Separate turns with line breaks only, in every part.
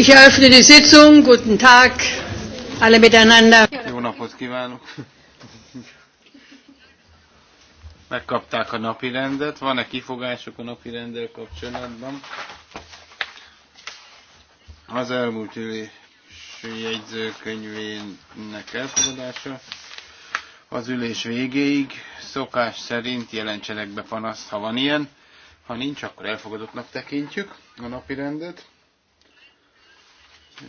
Ich eröffne die Sitzung. Guten Tag, alle miteinander.
Jó napot kívánok! Megkapták a napi rendet. Van-e kifogások a napi rendel kapcsolatban? Az elmúlt ülés jegyzőkönyvének elfogadása az ülés végéig szokás szerint jelentsenek be panaszt, ha van ilyen. Ha nincs, akkor elfogadottnak tekintjük a napi rendet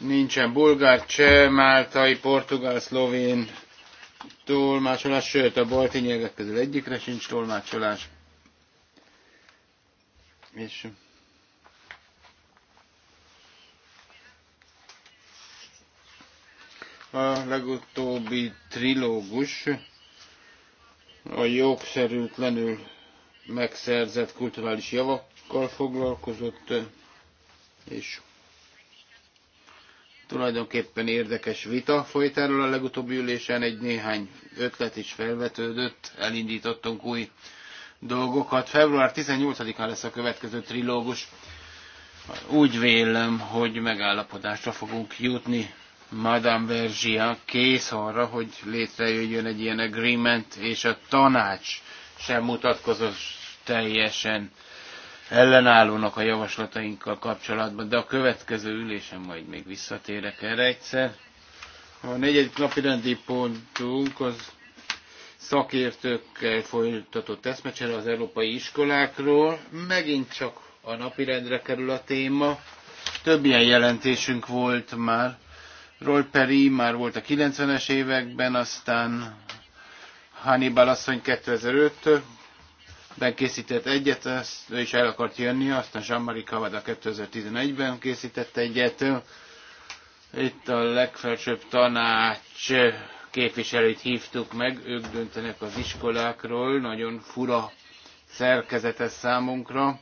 nincsen bulgár, cseh, máltai, portugál, szlovén tolmácsolás, sőt a balti nyelvek közül egyikre sincs tolmácsolás. És a legutóbbi trilógus a jogszerűtlenül megszerzett kulturális javakkal foglalkozott, és Tulajdonképpen érdekes vita folyt erről a legutóbbi ülésen, egy néhány ötlet is felvetődött, elindítottunk új dolgokat. Február 18-án lesz a következő trilógus. Úgy vélem, hogy megállapodásra fogunk jutni. Madame Bergia kész arra, hogy létrejöjjön egy ilyen agreement, és a tanács sem mutatkozott teljesen ellenállónak a javaslatainkkal kapcsolatban, de a következő ülésen majd még visszatérek erre egyszer. A negyedik napi rendi pontunk az szakértőkkel folytatott eszmecsere az európai iskolákról. Megint csak a napirendre kerül a téma. Több ilyen jelentésünk volt már. Roy Perry már volt a 90-es években, aztán Hannibal asszony 2005 ben készített egyet, ő is el akart jönni, aztán Jean-Marie Kavada 2011-ben készített egyet. Itt a legfelsőbb tanács képviselőit hívtuk meg, ők döntenek az iskolákról, nagyon fura szerkezetes számunkra.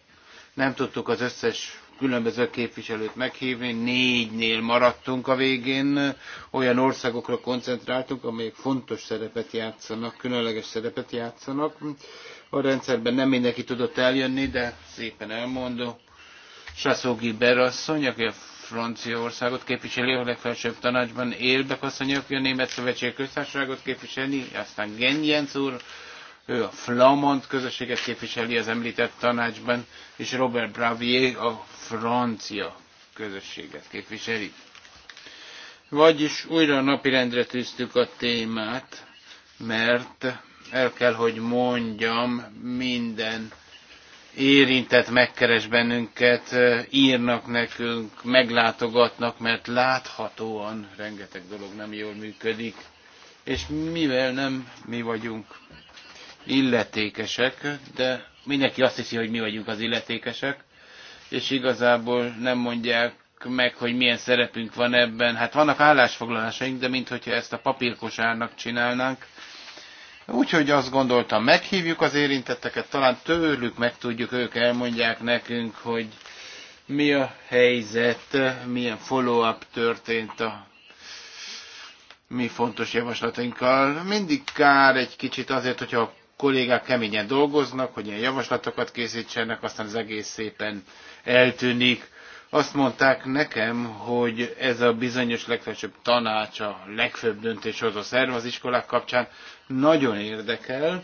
Nem tudtuk az összes különböző képviselőt meghívni. Négynél maradtunk a végén, olyan országokra koncentráltunk, amelyek fontos szerepet játszanak, különleges szerepet játszanak. A rendszerben nem mindenki tudott eljönni, de szépen elmondom. Saszogi Berasszony, aki a Franciaországot képviseli, a legfelsőbb tanácsban Élbek asszony, aki a Német Szövetség Köztársaságot képviseli, aztán Genjenc úr, ő a flamand közösséget képviseli az említett tanácsban, és Robert Bravier a francia közösséget képviseli. Vagyis újra napirendre tűztük a témát, mert el kell, hogy mondjam, minden érintett megkeres bennünket, írnak nekünk, meglátogatnak, mert láthatóan rengeteg dolog nem jól működik. És mivel nem mi vagyunk illetékesek, de mindenki azt hiszi, hogy mi vagyunk az illetékesek, és igazából nem mondják meg, hogy milyen szerepünk van ebben. Hát vannak állásfoglalásaink, de minthogyha ezt a papírkosárnak csinálnánk. Úgyhogy azt gondoltam, meghívjuk az érintetteket, talán tőlük megtudjuk, ők elmondják nekünk, hogy mi a helyzet, milyen follow-up történt a mi fontos javaslatainkkal. Mindig kár egy kicsit azért, hogyha a kollégák keményen dolgoznak, hogy ilyen javaslatokat készítsenek, aztán az egész szépen eltűnik. Azt mondták nekem, hogy ez a bizonyos legfelsőbb tanács, a legfőbb döntéshozó szerv az iskolák kapcsán nagyon érdekel,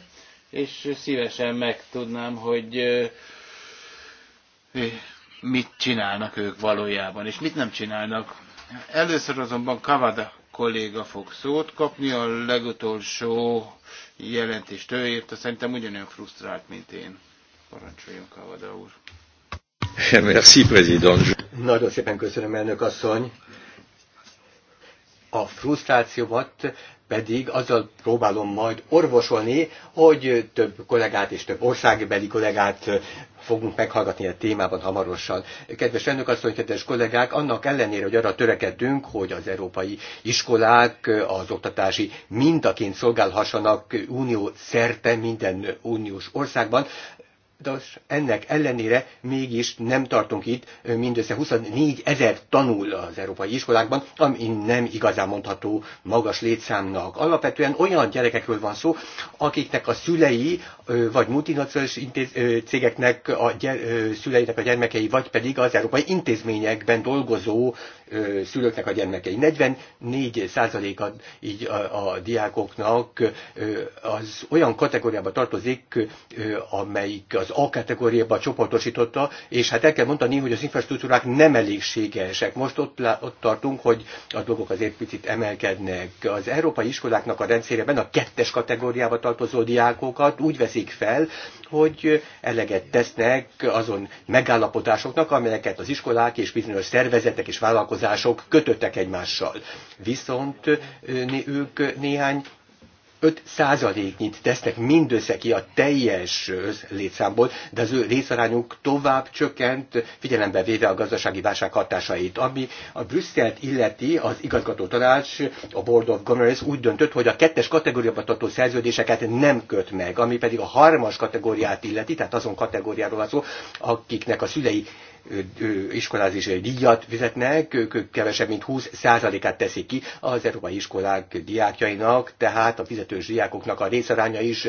és szívesen megtudnám, hogy eh, mit csinálnak ők valójában, és mit nem csinálnak. Először azonban Kavada kolléga fog szót kapni, a legutolsó jelentést ő érte, szerintem ugyanolyan frusztrált, mint én. Parancsoljon, Kavada úr.
Merci, prezident.
Nagyon szépen köszönöm, elnök asszony.
A frusztrációmat pedig azzal próbálom majd orvosolni, hogy több kollégát és több országbeli kollégát fogunk meghallgatni a témában hamarosan. Kedves elnök asszony, kedves kollégák, annak ellenére, hogy arra törekedünk, hogy az európai iskolák az oktatási mintaként szolgálhassanak unió szerte minden uniós országban, Dos, ennek ellenére mégis nem tartunk itt, mindössze 24 ezer tanul az európai iskolákban, ami nem igazán mondható magas létszámnak. Alapvetően olyan gyerekekről van szó, akiknek a szülei, vagy multinacionalis cégeknek a gyere, szüleinek a gyermekei, vagy pedig az európai intézményekben dolgozó szülőknek a gyermekei. 44 százaléka így a, a diákoknak az olyan kategóriába tartozik, amelyik az A kategóriába csoportosította, és hát el kell mondani, hogy az infrastruktúrák nem elégségesek. Most ott, ott tartunk, hogy a dolgok azért picit emelkednek. Az európai iskoláknak a rendszerében a kettes kategóriába tartozó diákokat úgy veszik fel, hogy eleget tesznek azon megállapodásoknak, amelyeket az iskolák és bizonyos szervezetek és vállalkozások vállalkozások kötöttek egymással. Viszont ők néhány 5 százaléknyit tesznek mindössze ki a teljes létszámból, de az ő részarányuk tovább csökkent, figyelembe véve a gazdasági válság hatásait. Ami a Brüsszelt illeti, az igazgató tanács, a Board of Governors úgy döntött, hogy a kettes kategóriába tartó szerződéseket nem köt meg, ami pedig a harmas kategóriát illeti, tehát azon kategóriáról van szó, akiknek a szülei iskolázási díjat fizetnek, ők kevesebb, mint 20%-át teszik ki az európai iskolák diákjainak, tehát a fizetős diákoknak a részaránya is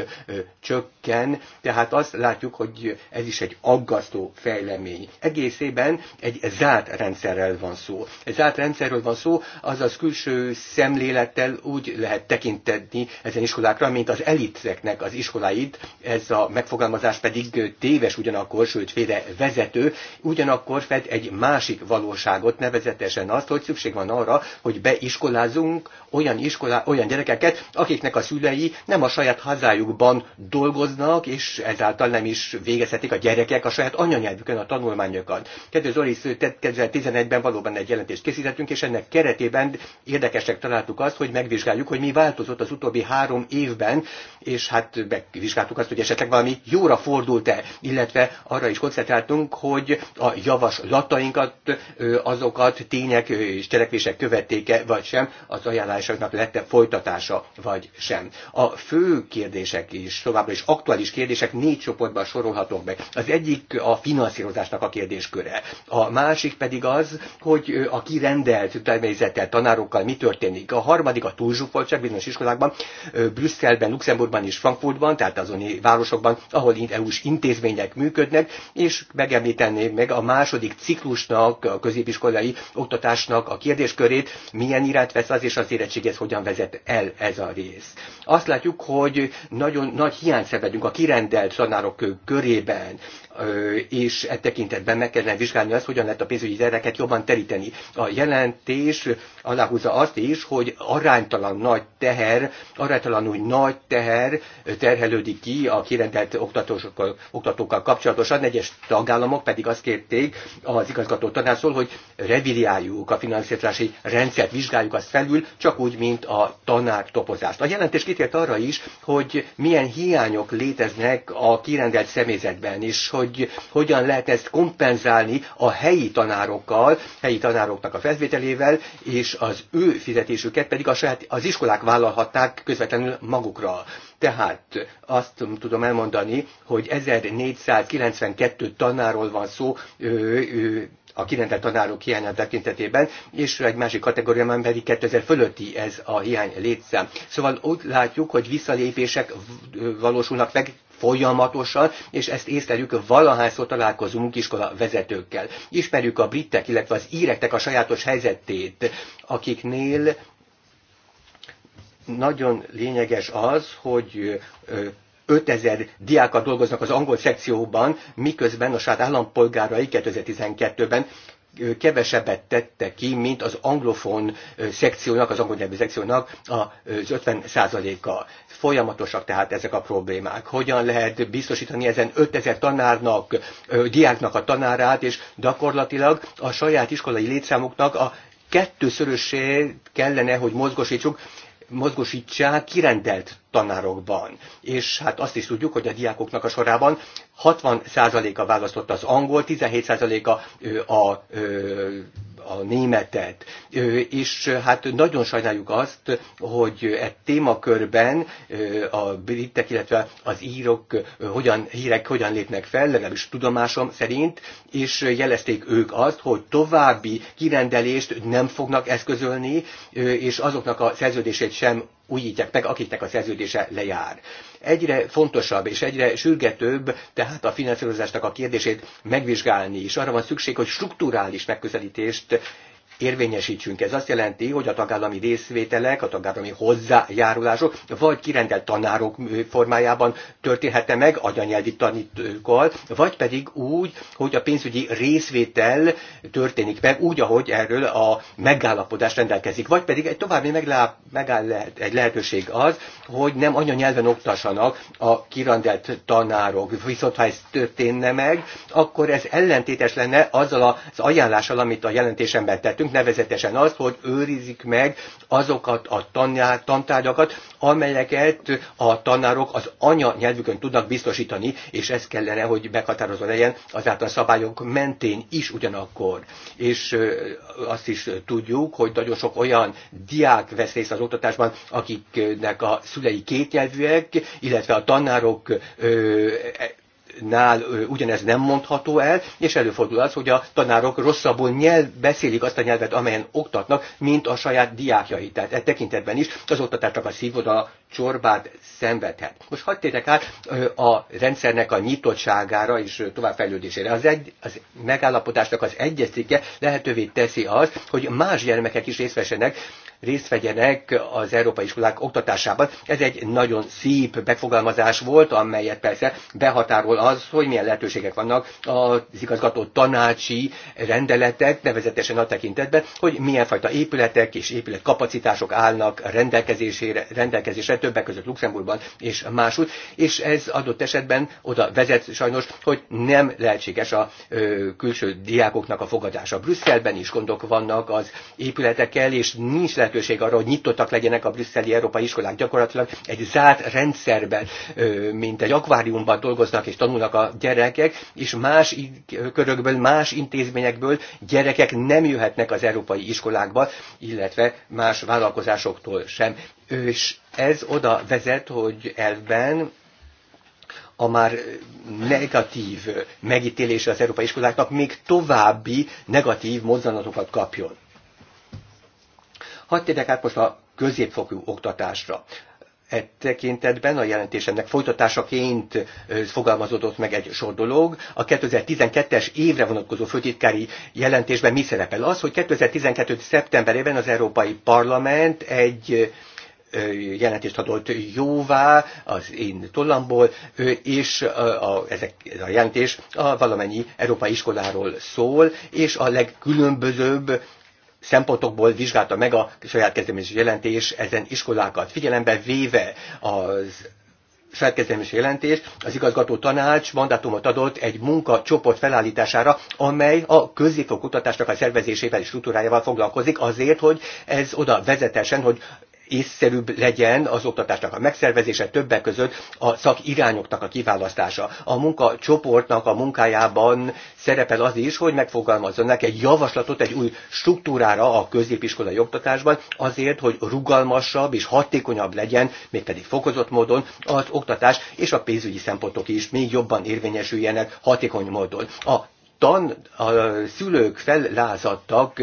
csökken, tehát azt látjuk, hogy ez is egy aggasztó fejlemény. Egészében egy zárt rendszerrel van szó. Egy zárt rendszerről van szó, azaz külső szemlélettel úgy lehet tekinteni ezen iskolákra, mint az eliteknek az iskoláit, ez a megfogalmazás pedig téves ugyanakkor, sőt félre vezető, ugyan ugyanakkor fed egy másik valóságot, nevezetesen azt, hogy szükség van arra, hogy beiskolázunk olyan, iskolá, olyan gyerekeket, akiknek a szülei nem a saját hazájukban dolgoznak, és ezáltal nem is végezhetik a gyerekek a saját anyanyelvükön a tanulmányokat. Kedves Zoli, 2011-ben valóban egy jelentést készítettünk, és ennek keretében érdekesek találtuk azt, hogy megvizsgáljuk, hogy mi változott az utóbbi három évben, és hát megvizsgáltuk azt, hogy esetleg valami jóra fordult-e, illetve arra is koncentráltunk, hogy a javaslatainkat, azokat tények és cselekvések követéke, vagy sem, az ajánlásoknak lett-e folytatása, vagy sem. A fő kérdések is, továbbra is aktuális kérdések négy csoportban sorolhatók meg. Az egyik a finanszírozásnak a kérdésköre. A másik pedig az, hogy a kirendelt természettel, tanárokkal mi történik. A harmadik a túlzsúfoltság bizonyos iskolákban, Brüsszelben, Luxemburgban és Frankfurtban, tehát azon városokban, ahol EU-s intézmények működnek, és megemlíteném meg a második ciklusnak, a középiskolai oktatásnak a kérdéskörét, milyen irányt vesz az, és az érettséghez hogyan vezet el ez a rész. Azt látjuk, hogy nagyon nagy hiányt szenvedünk a kirendelt tanárok körében és e tekintetben meg kellene vizsgálni azt, hogyan lehet a pénzügyi tereket jobban teríteni. A jelentés aláhúzza azt is, hogy aránytalan nagy teher, aránytalanul nagy teher terhelődik ki a kirendelt oktatókkal, oktatókkal kapcsolatosan. Egyes tagállamok pedig azt kérték az igazgató tanácsról, hogy revidiáljuk a finanszírozási rendszert, vizsgáljuk azt felül, csak úgy, mint a tanár topozást. A jelentés kitért arra is, hogy milyen hiányok léteznek a kirendelt személyzetben, és hogy hogy hogyan lehet ezt kompenzálni a helyi tanárokkal, helyi tanároknak a felvételével, és az ő fizetésüket pedig a saját, az iskolák vállalhatták közvetlenül magukra. Tehát azt tudom elmondani, hogy 1492 tanáról van szó, ő, ő, a kirendelt tanárok hiányát tekintetében, és egy másik kategória, már pedig 2000 fölötti ez a hiány létszám. Szóval úgy látjuk, hogy visszalépések valósulnak meg folyamatosan, és ezt észleljük, valahányszor találkozunk iskola vezetőkkel. Ismerjük a britek, illetve az írektek a sajátos helyzetét, akiknél nagyon lényeges az, hogy 5000 diákat dolgoznak az angol szekcióban, miközben a saját állampolgárai 2012-ben kevesebbet tette ki, mint az anglofon szekciónak, az angol nyelvű szekciónak az 50 a folyamatosak tehát ezek a problémák. Hogyan lehet biztosítani ezen 5000 tanárnak, diáknak a tanárát, és gyakorlatilag a saját iskolai létszámuknak a kettőszörösét kellene, hogy mozgosítsuk, mozgosítsák kirendelt tanárokban. És hát azt is tudjuk, hogy a diákoknak a sorában 60%-a választotta az angol, 17%-a a, a, a a németet, és hát nagyon sajnáljuk azt, hogy e témakörben a britek, illetve az írok hogyan, hírek hogyan lépnek fel, legalábbis tudomásom szerint, és jelezték ők azt, hogy további kirendelést nem fognak eszközölni, és azoknak a szerződését sem újítják meg, akiknek a szerződése lejár egyre fontosabb és egyre sürgetőbb tehát a finanszírozásnak a kérdését megvizsgálni, és arra van szükség, hogy strukturális megközelítést érvényesítsünk. Ez azt jelenti, hogy a tagállami részvételek, a tagállami hozzájárulások, vagy kirendelt tanárok formájában történhetne meg anyanyelvi tanítókkal, vagy pedig úgy, hogy a pénzügyi részvétel történik meg úgy, ahogy erről a megállapodás rendelkezik. Vagy pedig egy további megáll lehet, egy lehetőség az, hogy nem anyanyelven oktassanak a kirendelt tanárok. Viszont ha ez történne meg, akkor ez ellentétes lenne azzal az ajánlással, amit a jelentésemben tettük, tettünk, nevezetesen az, hogy őrizik meg azokat a tanár, tantárgyakat, amelyeket a tanárok az anya nyelvükön tudnak biztosítani, és ez kellene, hogy meghatározó legyen azáltal a szabályok mentén is ugyanakkor. És azt is tudjuk, hogy nagyon sok olyan diák vesz részt az oktatásban, akiknek a szülei kétnyelvűek, illetve a tanárok nál ugyanez nem mondható el, és előfordul az, hogy a tanárok rosszabbul nyelv, beszélik azt a nyelvet, amelyen oktatnak, mint a saját diákjai. Tehát e tekintetben is az oktatásnak a színvonala csorbát szenvedhet. Most hadd térjek át a rendszernek a nyitottságára és továbbfejlődésére. Az, egy, az megállapodásnak az egyes cikke lehetővé teszi az, hogy más gyermekek is részt vessenek részt vegyenek az európai iskolák oktatásában. Ez egy nagyon szép megfogalmazás volt, amelyet persze behatárol az, hogy milyen lehetőségek vannak az igazgató tanácsi rendeletek, nevezetesen a tekintetben, hogy milyen fajta épületek és épületkapacitások állnak rendelkezésére, rendelkezésre többek között Luxemburgban és máshogy, és ez adott esetben oda vezet sajnos, hogy nem lehetséges a ö, külső diákoknak a fogadása. Brüsszelben is gondok vannak az épületekkel, és nincs lehetőség arra, hogy nyitottak legyenek a brüsszeli európai iskolák. Gyakorlatilag egy zárt rendszerben, ö, mint egy akváriumban dolgoznak és tanulnak a gyerekek, és más körökből, más intézményekből gyerekek nem jöhetnek az európai iskolákba, illetve más vállalkozásoktól sem és ez oda vezet, hogy elvben a már negatív megítélése az európai iskoláknak még további negatív mozzanatokat kapjon. Hadd térjek át most a középfokú oktatásra. E tekintetben a jelentésemnek folytatásaként fogalmazódott meg egy sor dolog. A 2012-es évre vonatkozó főtitkári jelentésben mi szerepel? Az, hogy 2012. szeptemberében az Európai Parlament egy jelentést adott jóvá az én tollamból, és a, a, ezek, ez a jelentés a valamennyi európai iskoláról szól, és a legkülönbözőbb szempontokból vizsgálta meg a saját kezdeményező jelentés ezen iskolákat, figyelembe véve az felkezdemés jelentés, az igazgató tanács mandátumot adott egy munkacsoport felállítására, amely a középfokú kutatásnak a szervezésével és struktúrájával foglalkozik azért, hogy ez oda vezetesen, hogy észszerűbb legyen az oktatásnak a megszervezése, többek között a szakirányoknak a kiválasztása. A munkacsoportnak a munkájában szerepel az is, hogy megfogalmazzanak egy javaslatot egy új struktúrára a középiskolai oktatásban, azért, hogy rugalmasabb és hatékonyabb legyen, mégpedig fokozott módon az oktatás és a pénzügyi szempontok is még jobban érvényesüljenek hatékony módon. A tan, a szülők fellázadtak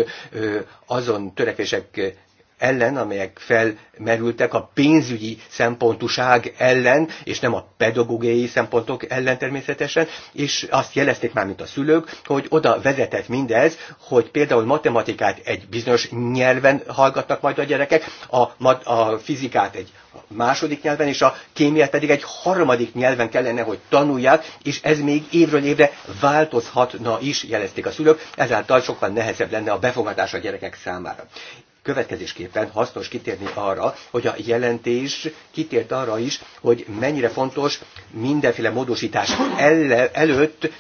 azon törekvések ellen, amelyek felmerültek a pénzügyi szempontuság ellen, és nem a pedagógiai szempontok ellen természetesen, és azt jelezték már, mint a szülők, hogy oda vezetett mindez, hogy például matematikát egy bizonyos nyelven hallgatnak majd a gyerekek, a, a fizikát egy második nyelven, és a kémiát pedig egy harmadik nyelven kellene, hogy tanulják, és ez még évről évre változhatna is, jelezték a szülők, ezáltal sokkal nehezebb lenne a befogadás a gyerekek számára. Következésképpen hasznos kitérni arra, hogy a jelentés kitért arra is, hogy mennyire fontos mindenféle módosítás előtt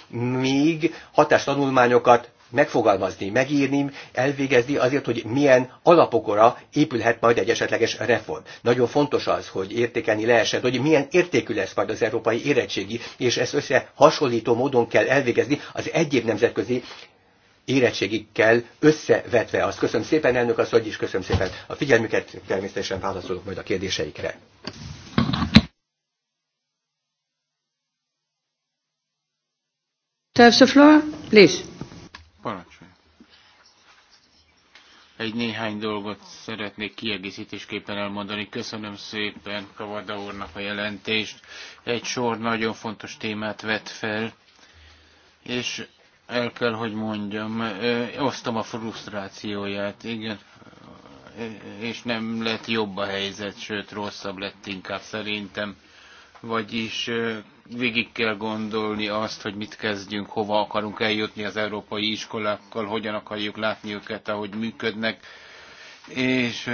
még hatástanulmányokat megfogalmazni, megírni, elvégezni azért, hogy milyen alapokora épülhet majd egy esetleges reform. Nagyon fontos az, hogy értékelni lehessen, hogy milyen értékű lesz majd az európai érettségi, és ezt összehasonlító módon kell elvégezni az egyéb nemzetközi érettségikkel összevetve azt. Köszönöm szépen, elnök asszony, és köszönöm szépen a figyelmüket, természetesen válaszolok majd a kérdéseikre.
To have floor,
please.
Parancsolj. Egy néhány dolgot szeretnék kiegészítésképpen elmondani. Köszönöm szépen Kavada úrnak a jelentést. Egy sor nagyon fontos témát vett fel, és el kell, hogy mondjam, osztom a frusztrációját, igen, és nem lett jobb a helyzet, sőt rosszabb lett inkább szerintem. Vagyis végig kell gondolni azt, hogy mit kezdjünk, hova akarunk eljutni az európai iskolákkal, hogyan akarjuk látni őket, ahogy működnek és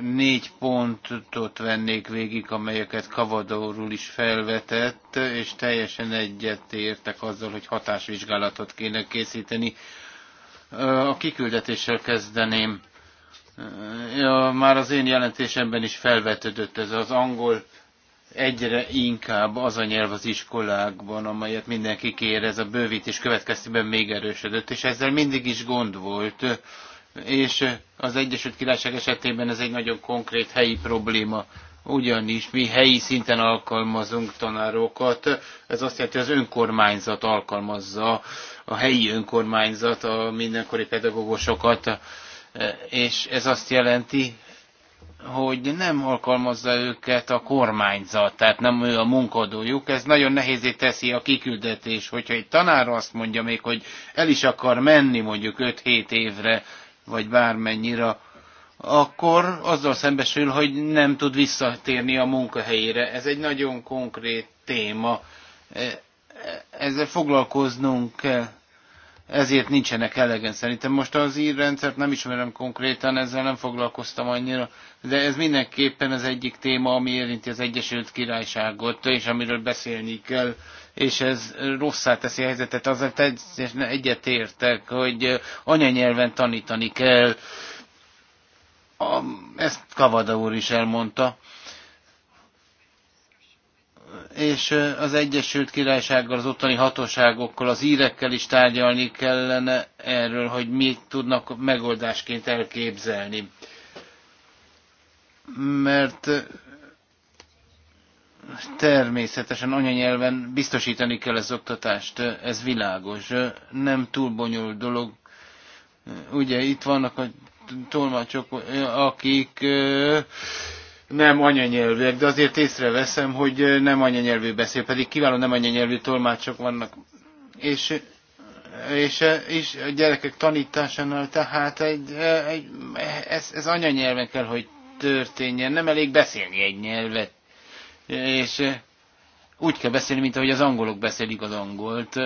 négy pontot vennék végig, amelyeket Kavadorul is felvetett, és teljesen egyetértek azzal, hogy hatásvizsgálatot kéne készíteni. A kiküldetéssel kezdeném. Már az én jelentésemben is felvetődött ez az angol egyre inkább az a nyelv az iskolákban, amelyet mindenki kér, ez a bővítés következtében még erősödött, és ezzel mindig is gond volt és az Egyesült Királyság esetében ez egy nagyon konkrét helyi probléma, ugyanis mi helyi szinten alkalmazunk tanárokat, ez azt jelenti, hogy az önkormányzat alkalmazza, a helyi önkormányzat a mindenkori pedagógusokat, és ez azt jelenti, hogy nem alkalmazza őket a kormányzat, tehát nem ő a munkadójuk. Ez nagyon nehézé teszi a kiküldetés, hogyha egy tanár azt mondja még, hogy el is akar menni mondjuk 5-7 évre, vagy bármennyira, akkor azzal szembesül, hogy nem tud visszatérni a munkahelyére. Ez egy nagyon konkrét téma. E, e, ezzel foglalkoznunk kell ezért nincsenek elegen szerintem. Most az írrendszert nem ismerem konkrétan, ezzel nem foglalkoztam annyira, de ez mindenképpen az egyik téma, ami érinti az Egyesült Királyságot, és amiről beszélni kell, és ez rosszá teszi a helyzetet. Azért értek, hogy anyanyelven tanítani kell. A, ezt Kavada úr is elmondta és az Egyesült Királysággal, az ottani hatóságokkal, az írekkel is tárgyalni kellene erről, hogy mit tudnak megoldásként elképzelni. Mert természetesen anyanyelven biztosítani kell az oktatást, ez világos, nem túl bonyolult dolog. Ugye itt vannak a tolmácsok, akik nem anyanyelvűek, de azért észreveszem, hogy nem anyanyelvű beszél, pedig kiváló nem anyanyelvű tolmácsok vannak. És, és, és a gyerekek tanításánál tehát egy, egy, ez, ez anyanyelven kell, hogy történjen. Nem elég beszélni egy nyelvet. És úgy kell beszélni, mint ahogy az angolok beszélik az angolt.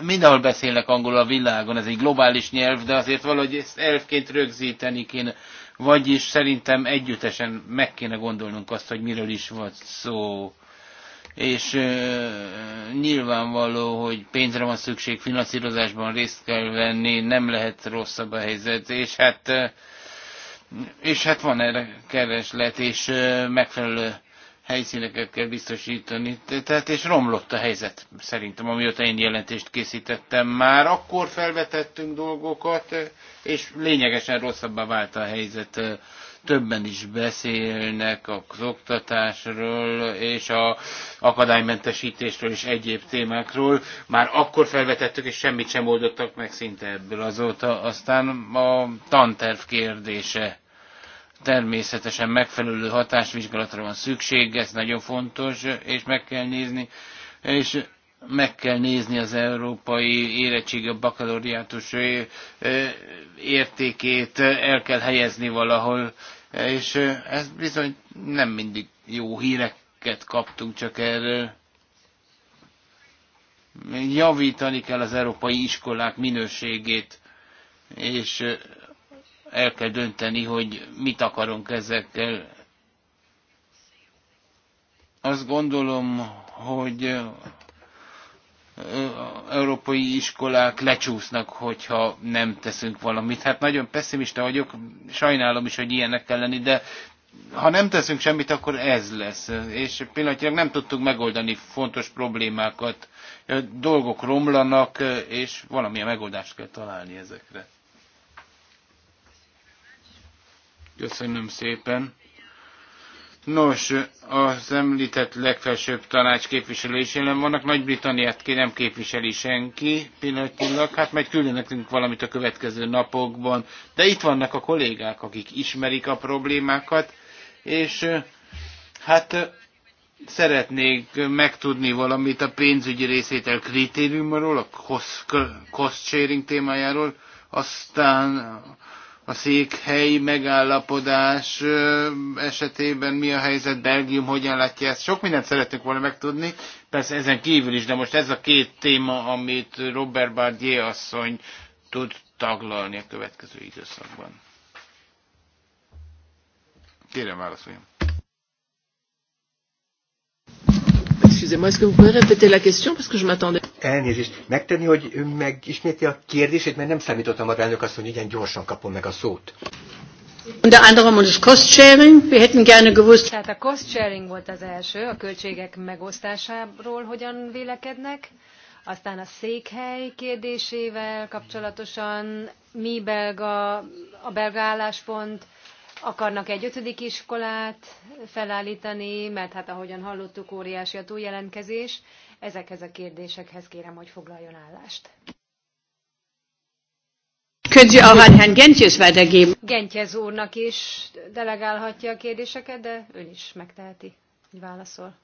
Mindenhol beszélnek angol a világon, ez egy globális nyelv, de azért valahogy ezt elfként rögzíteni kéne. Vagyis szerintem együttesen meg kéne gondolnunk azt, hogy miről is volt szó. És ö, nyilvánvaló, hogy pénzre van szükség, finanszírozásban részt kell venni, nem lehet rosszabb a helyzet, és hát, ö, és hát van erre kereslet, és ö, megfelelő helyszíneket kell biztosítani. Tehát és romlott a helyzet szerintem, amióta én jelentést készítettem. Már akkor felvetettünk dolgokat, és lényegesen rosszabbá vált a helyzet. Többen is beszélnek az oktatásról és a akadálymentesítésről és egyéb témákról. Már akkor felvetettük, és semmit sem oldottak meg szinte ebből azóta. Aztán a tanterv kérdése Természetesen megfelelő hatásvizsgálatra van szükség, ez nagyon fontos, és meg kell nézni, és meg kell nézni az európai érettség, a bakalóriátus értékét, el kell helyezni valahol, és ez bizony nem mindig jó híreket kaptunk csak erről. Javítani kell az európai iskolák minőségét, és el kell dönteni, hogy mit akarunk ezekkel. Azt gondolom, hogy európai iskolák lecsúsznak, hogyha nem teszünk valamit. Hát nagyon pessimista vagyok, sajnálom is, hogy ilyenek kell lenni, de ha nem teszünk semmit, akkor ez lesz. És pillanatilag nem tudtuk megoldani fontos problémákat. Dolgok romlanak, és valamilyen megoldást kell találni ezekre. Köszönöm szépen. Nos, az említett legfelsőbb tanács képviselés jelen vannak. Nagy-Britanniát ki nem képviseli senki pillanatilag. Hát majd küldön valamit a következő napokban. De itt vannak a kollégák, akik ismerik a problémákat, és hát szeretnék megtudni valamit a pénzügyi részétel kritériumról, a cost-sharing témájáról, aztán a székhelyi megállapodás esetében mi a helyzet, Belgium hogyan látja ezt. Sok mindent szeretnék volna megtudni, persze ezen kívül is, de most ez a két téma, amit Robert Bardier asszony tud taglalni a következő időszakban. Kérem válaszoljon.
Excusez-moi, est-ce que vous pouvez répéter la question parce que je m'attendais. Elnézést, megtenni, hogy ön megismétli a kérdését, mert nem számítottam a elnök azt, hogy igen gyorsan kapom meg a szót.
Unter anderem um das Cost Sharing. Wir hätten gerne gewusst. Tehát a Cost Sharing volt az első, a költségek megosztásáról hogyan vélekednek. Aztán a székhely kérdésével kapcsolatosan mi belga, a belga álláspont, akarnak egy ötödik iskolát felállítani, mert hát ahogyan hallottuk, óriási a túljelentkezés. Ezekhez a kérdésekhez kérem, hogy foglaljon állást.
Können
oh, úrnak is delegálhatja a kérdéseket, de ön is megteheti, hogy válaszol.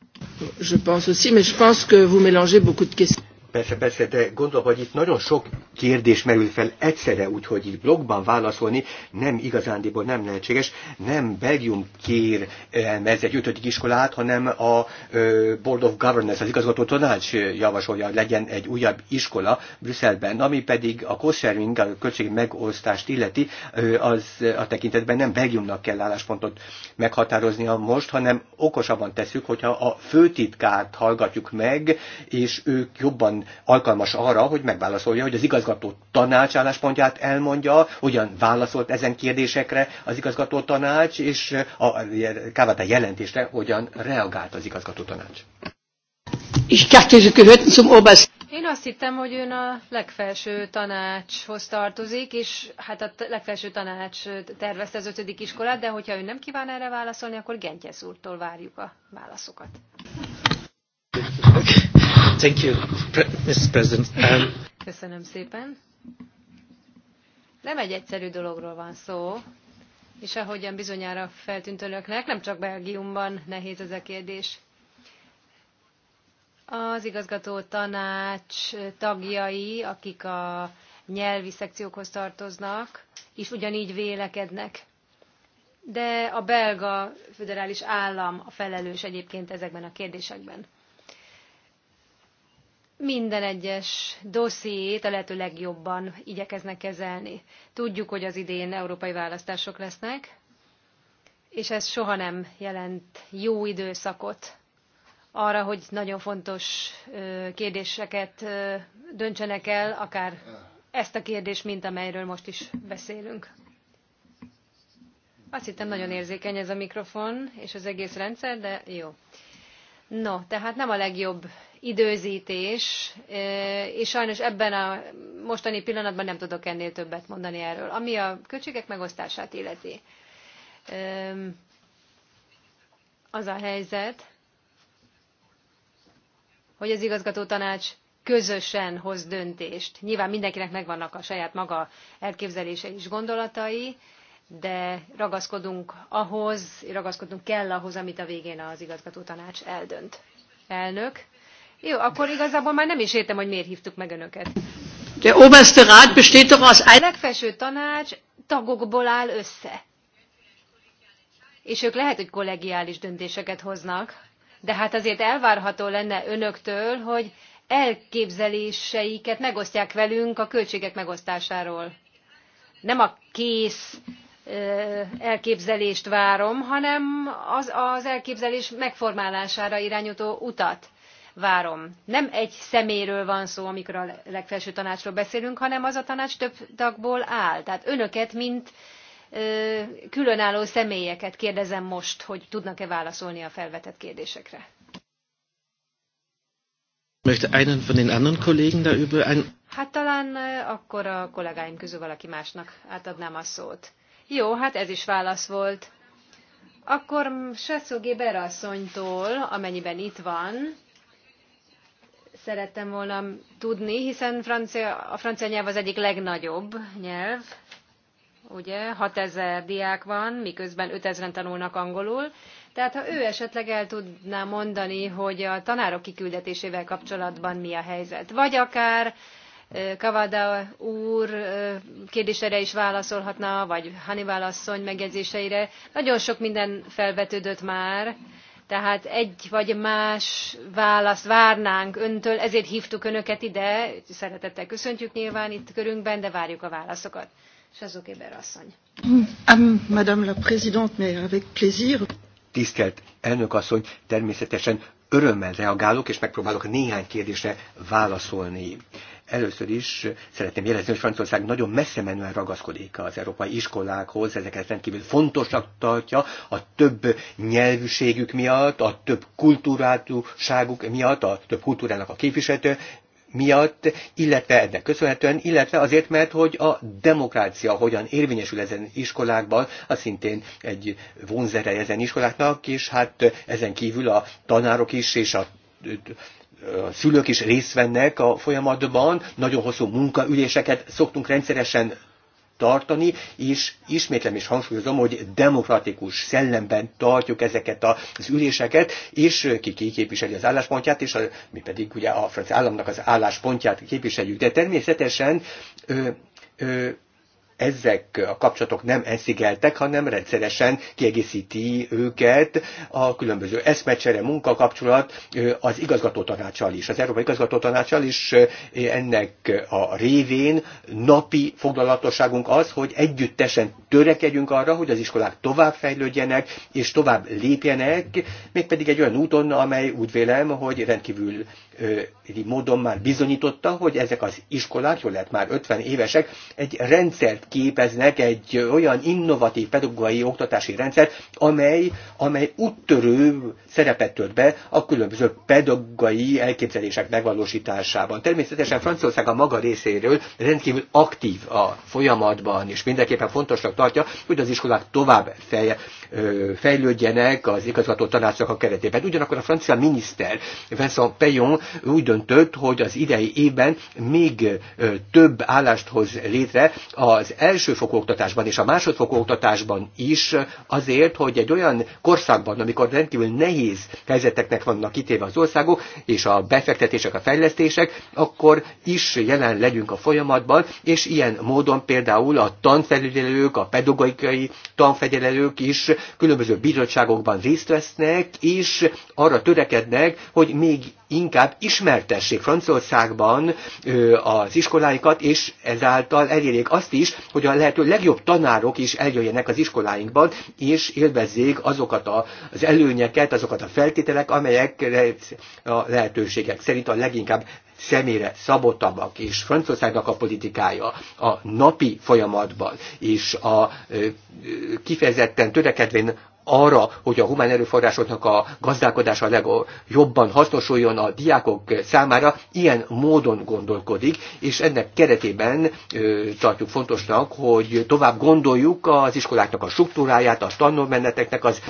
Je pense aussi, mais je pense que vous mélangez beaucoup de questions persze, persze, de gondolom, hogy itt nagyon sok kérdés merül fel egyszerre, úgyhogy így blogban válaszolni nem igazándiból nem lehetséges. Nem Belgium kér ez egy ötödik iskolát, hanem a Board of Governance, az igazgató tanács javasolja, hogy legyen egy újabb iskola Brüsszelben, ami pedig a cost-sharing, a költségi megosztást illeti, az a tekintetben nem Belgiumnak kell álláspontot meghatároznia most, hanem okosabban tesszük, hogyha a főtitkárt hallgatjuk meg, és ők jobban alkalmas arra, hogy megválaszolja, hogy az igazgató tanács álláspontját elmondja, hogyan válaszolt ezen kérdésekre az igazgató tanács, és a Kávata jelentésre hogyan reagált az igazgató tanács. Szóval
Én azt hittem, hogy ön a legfelső tanácshoz tartozik, és hát a legfelső tanács tervezte az ötödik iskolát, de hogyha ön nem kíván erre válaszolni, akkor Gentyes úrtól várjuk a válaszokat.
Okay. Um, szépen.
Nem egy egyszerű dologról van szó, és ahogyan bizonyára feltűnt önöknek, nem csak Belgiumban nehéz ez a kérdés. Az igazgató tanács tagjai, akik a nyelvi szekciókhoz tartoznak, is ugyanígy vélekednek. De a belga föderális állam a felelős egyébként ezekben a kérdésekben minden egyes dossziét a lehető legjobban igyekeznek kezelni. Tudjuk, hogy az idén európai választások lesznek, és ez soha nem jelent jó időszakot arra, hogy nagyon fontos kérdéseket döntsenek el, akár ezt a kérdést, mint amelyről most is beszélünk. Azt hittem, nagyon érzékeny ez a mikrofon és az egész rendszer, de jó. No, tehát nem a legjobb időzítés, és sajnos ebben a mostani pillanatban nem tudok ennél többet mondani erről. Ami a költségek megosztását illeti, az a helyzet, hogy az igazgató tanács közösen hoz döntést. Nyilván mindenkinek megvannak a saját maga elképzelése és gondolatai, de ragaszkodunk ahhoz, ragaszkodunk kell ahhoz, amit a végén az igazgató tanács eldönt. Elnök, jó, akkor igazából már nem is értem, hogy miért hívtuk meg önöket. De oberste rád besteht doch aus... A legfelső tanács tagokból áll össze. És ők lehet, hogy kollegiális döntéseket hoznak, de hát azért elvárható lenne önöktől, hogy elképzeléseiket megosztják velünk a költségek megosztásáról. Nem a kész elképzelést várom, hanem az, az elképzelés megformálására irányító utat várom. Nem egy szeméről van szó, amikor a legfelső tanácsról beszélünk, hanem az a tanács több tagból áll. Tehát önöket, mint ö, különálló személyeket kérdezem most, hogy tudnak-e válaszolni a felvetett kérdésekre.
Möchte einen von den anderen Kollegen da ein...
Hát talán akkor a kollégáim közül valaki másnak átadnám a szót. Jó, hát ez is válasz volt. Akkor Sasszó Géber asszonytól, amennyiben itt van, szerettem volna tudni, hiszen francia, a francia nyelv az egyik legnagyobb nyelv, ugye, 6000 diák van, miközben 5000-en tanulnak angolul, tehát ha ő esetleg el tudná mondani, hogy a tanárok kiküldetésével kapcsolatban mi a helyzet, vagy akár Kavada úr kérdésére is válaszolhatna, vagy Hannibal asszony megjegyzéseire. Nagyon sok minden felvetődött már, tehát egy vagy más választ várnánk öntől, ezért hívtuk önöket ide, szeretettel köszöntjük nyilván itt körünkben, de várjuk a válaszokat. Sazokéber asszony. Um, Madame la Présidente, mais avec plaisir.
Tisztelt elnök asszony, természetesen örömmel reagálok, és megpróbálok néhány kérdésre válaszolni. Először is szeretném jelezni, hogy Franciaország nagyon messze menően ragaszkodik az európai iskolákhoz, ezeket rendkívül fontosnak tartja a több nyelvűségük miatt, a több kultúrátúságuk miatt, a több kultúrának a képviselő miatt, illetve ennek köszönhetően, illetve azért, mert hogy a demokrácia hogyan érvényesül ezen iskolákban, az szintén egy vonzere ezen iskoláknak, és hát ezen kívül a tanárok is, és a a szülők is részt vennek a folyamatban, nagyon hosszú munkaüléseket szoktunk rendszeresen tartani, és ismétlem és hangsúlyozom, hogy demokratikus szellemben tartjuk ezeket az üléseket, és ki, ki képviseli az álláspontját, és a, mi pedig ugye a francia államnak az álláspontját képviseljük. De természetesen ö, ö, ezek a kapcsolatok nem elszigeltek, hanem rendszeresen kiegészíti őket a különböző eszmecsere, munkakapcsolat az igazgató tanácsal is, az Európai igazgató tanácsal is ennek a révén napi foglalatosságunk az, hogy együttesen törekedjünk arra, hogy az iskolák tovább fejlődjenek és tovább lépjenek, mégpedig egy olyan úton, amely úgy vélem, hogy rendkívül módon már bizonyította, hogy ezek az iskolák, jól lehet már 50 évesek, egy rendszert képeznek, egy olyan innovatív pedagógiai oktatási rendszert, amely, amely úttörő szerepet tölt be a különböző pedagógiai elképzelések megvalósításában. Természetesen Franciaország a maga részéről rendkívül aktív a folyamatban, és mindenképpen fontosnak tartja, hogy az iskolák tovább fej, fejlődjenek az igazgató tanácsnak a keretében. Ugyanakkor a francia miniszter Vincent Payon úgy döntött, hogy az idei évben még több állást hoz létre az elsőfokú oktatásban és a másodfokú oktatásban is azért, hogy egy olyan korszakban, amikor rendkívül nehéz helyzeteknek vannak kitéve az országok, és a befektetések, a fejlesztések, akkor is jelen legyünk a folyamatban, és ilyen módon például a tanfelügyelők, a pedagógiai tanfegyelők is különböző bizottságokban részt vesznek, és arra törekednek, hogy még inkább ismertessék Franciaországban az iskoláikat, és ezáltal elérjék azt is, hogy a lehető legjobb tanárok is eljöjjenek az iskoláinkban, és élvezzék azokat az előnyeket, azokat a feltételek, amelyek a lehetőségek szerint a leginkább személyre szabottabbak, és Franciaországnak a politikája a napi folyamatban, és a kifejezetten törekedvén arra, hogy a humán erőforrásoknak a gazdálkodása legjobban hasznosuljon a diákok számára, ilyen módon gondolkodik, és ennek keretében ö, tartjuk fontosnak, hogy tovább gondoljuk az iskoláknak a struktúráját, a tanulmeneteknek az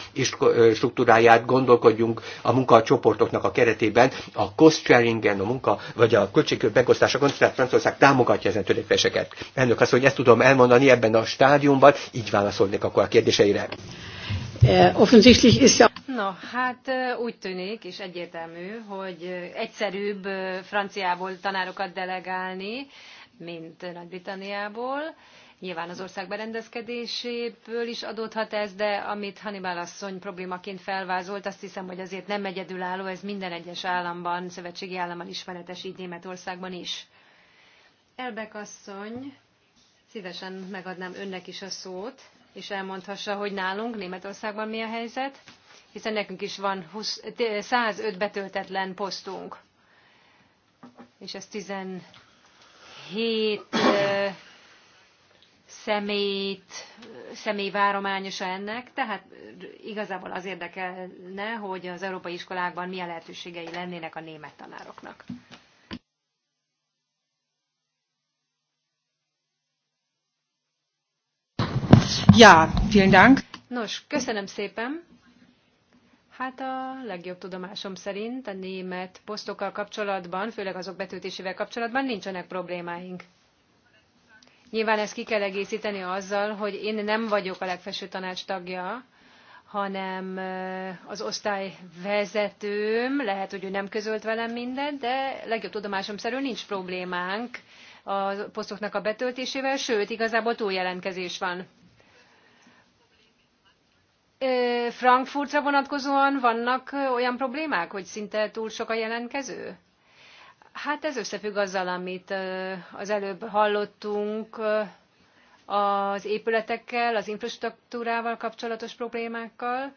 struktúráját, gondolkodjunk a munkacsoportoknak a keretében, a cost sharingen, a munka, vagy a költség megosztásokon, tehát Franciaország támogatja ezen törekvéseket. Elnök azt, hogy ezt tudom elmondani ebben a stádiumban, így válaszolnék akkor a kérdéseire.
Eh, offensichtlich No, hát eh, úgy tűnik, és egyértelmű, hogy eh, egyszerűbb franciából tanárokat delegálni, mint Nagy-Britanniából. Nyilván az ország berendezkedéséből is adódhat ez, de amit Hannibal asszony problémaként felvázolt, azt hiszem, hogy azért nem egyedülálló, ez minden egyes államban, szövetségi államban ismeretes, így Németországban is. Elbek asszony, szívesen megadnám önnek is a szót és elmondhassa, hogy nálunk Németországban mi a helyzet, hiszen nekünk is van 20, 105 betöltetlen posztunk. És ez 17 szemét, személy várományosa ennek, tehát igazából az érdekelne, hogy az európai iskolákban milyen lehetőségei lennének a német tanároknak. Ja, vielen Dank. Nos, köszönöm szépen. Hát a legjobb tudomásom szerint a német posztokkal kapcsolatban, főleg azok betöltésével kapcsolatban nincsenek problémáink. Nyilván ezt ki kell egészíteni azzal, hogy én nem vagyok a legfelső tanács tagja, hanem eh, az osztály vezetőm, lehet, hogy ő nem közölt velem mindent, de legjobb tudomásom szerint nincs problémánk a posztoknak a betöltésével, sőt, igazából túljelentkezés van. Frankfurtra vonatkozóan vannak olyan problémák, hogy szinte túl sok a jelentkező? Hát ez összefügg azzal, amit az előbb hallottunk az épületekkel, az infrastruktúrával kapcsolatos problémákkal.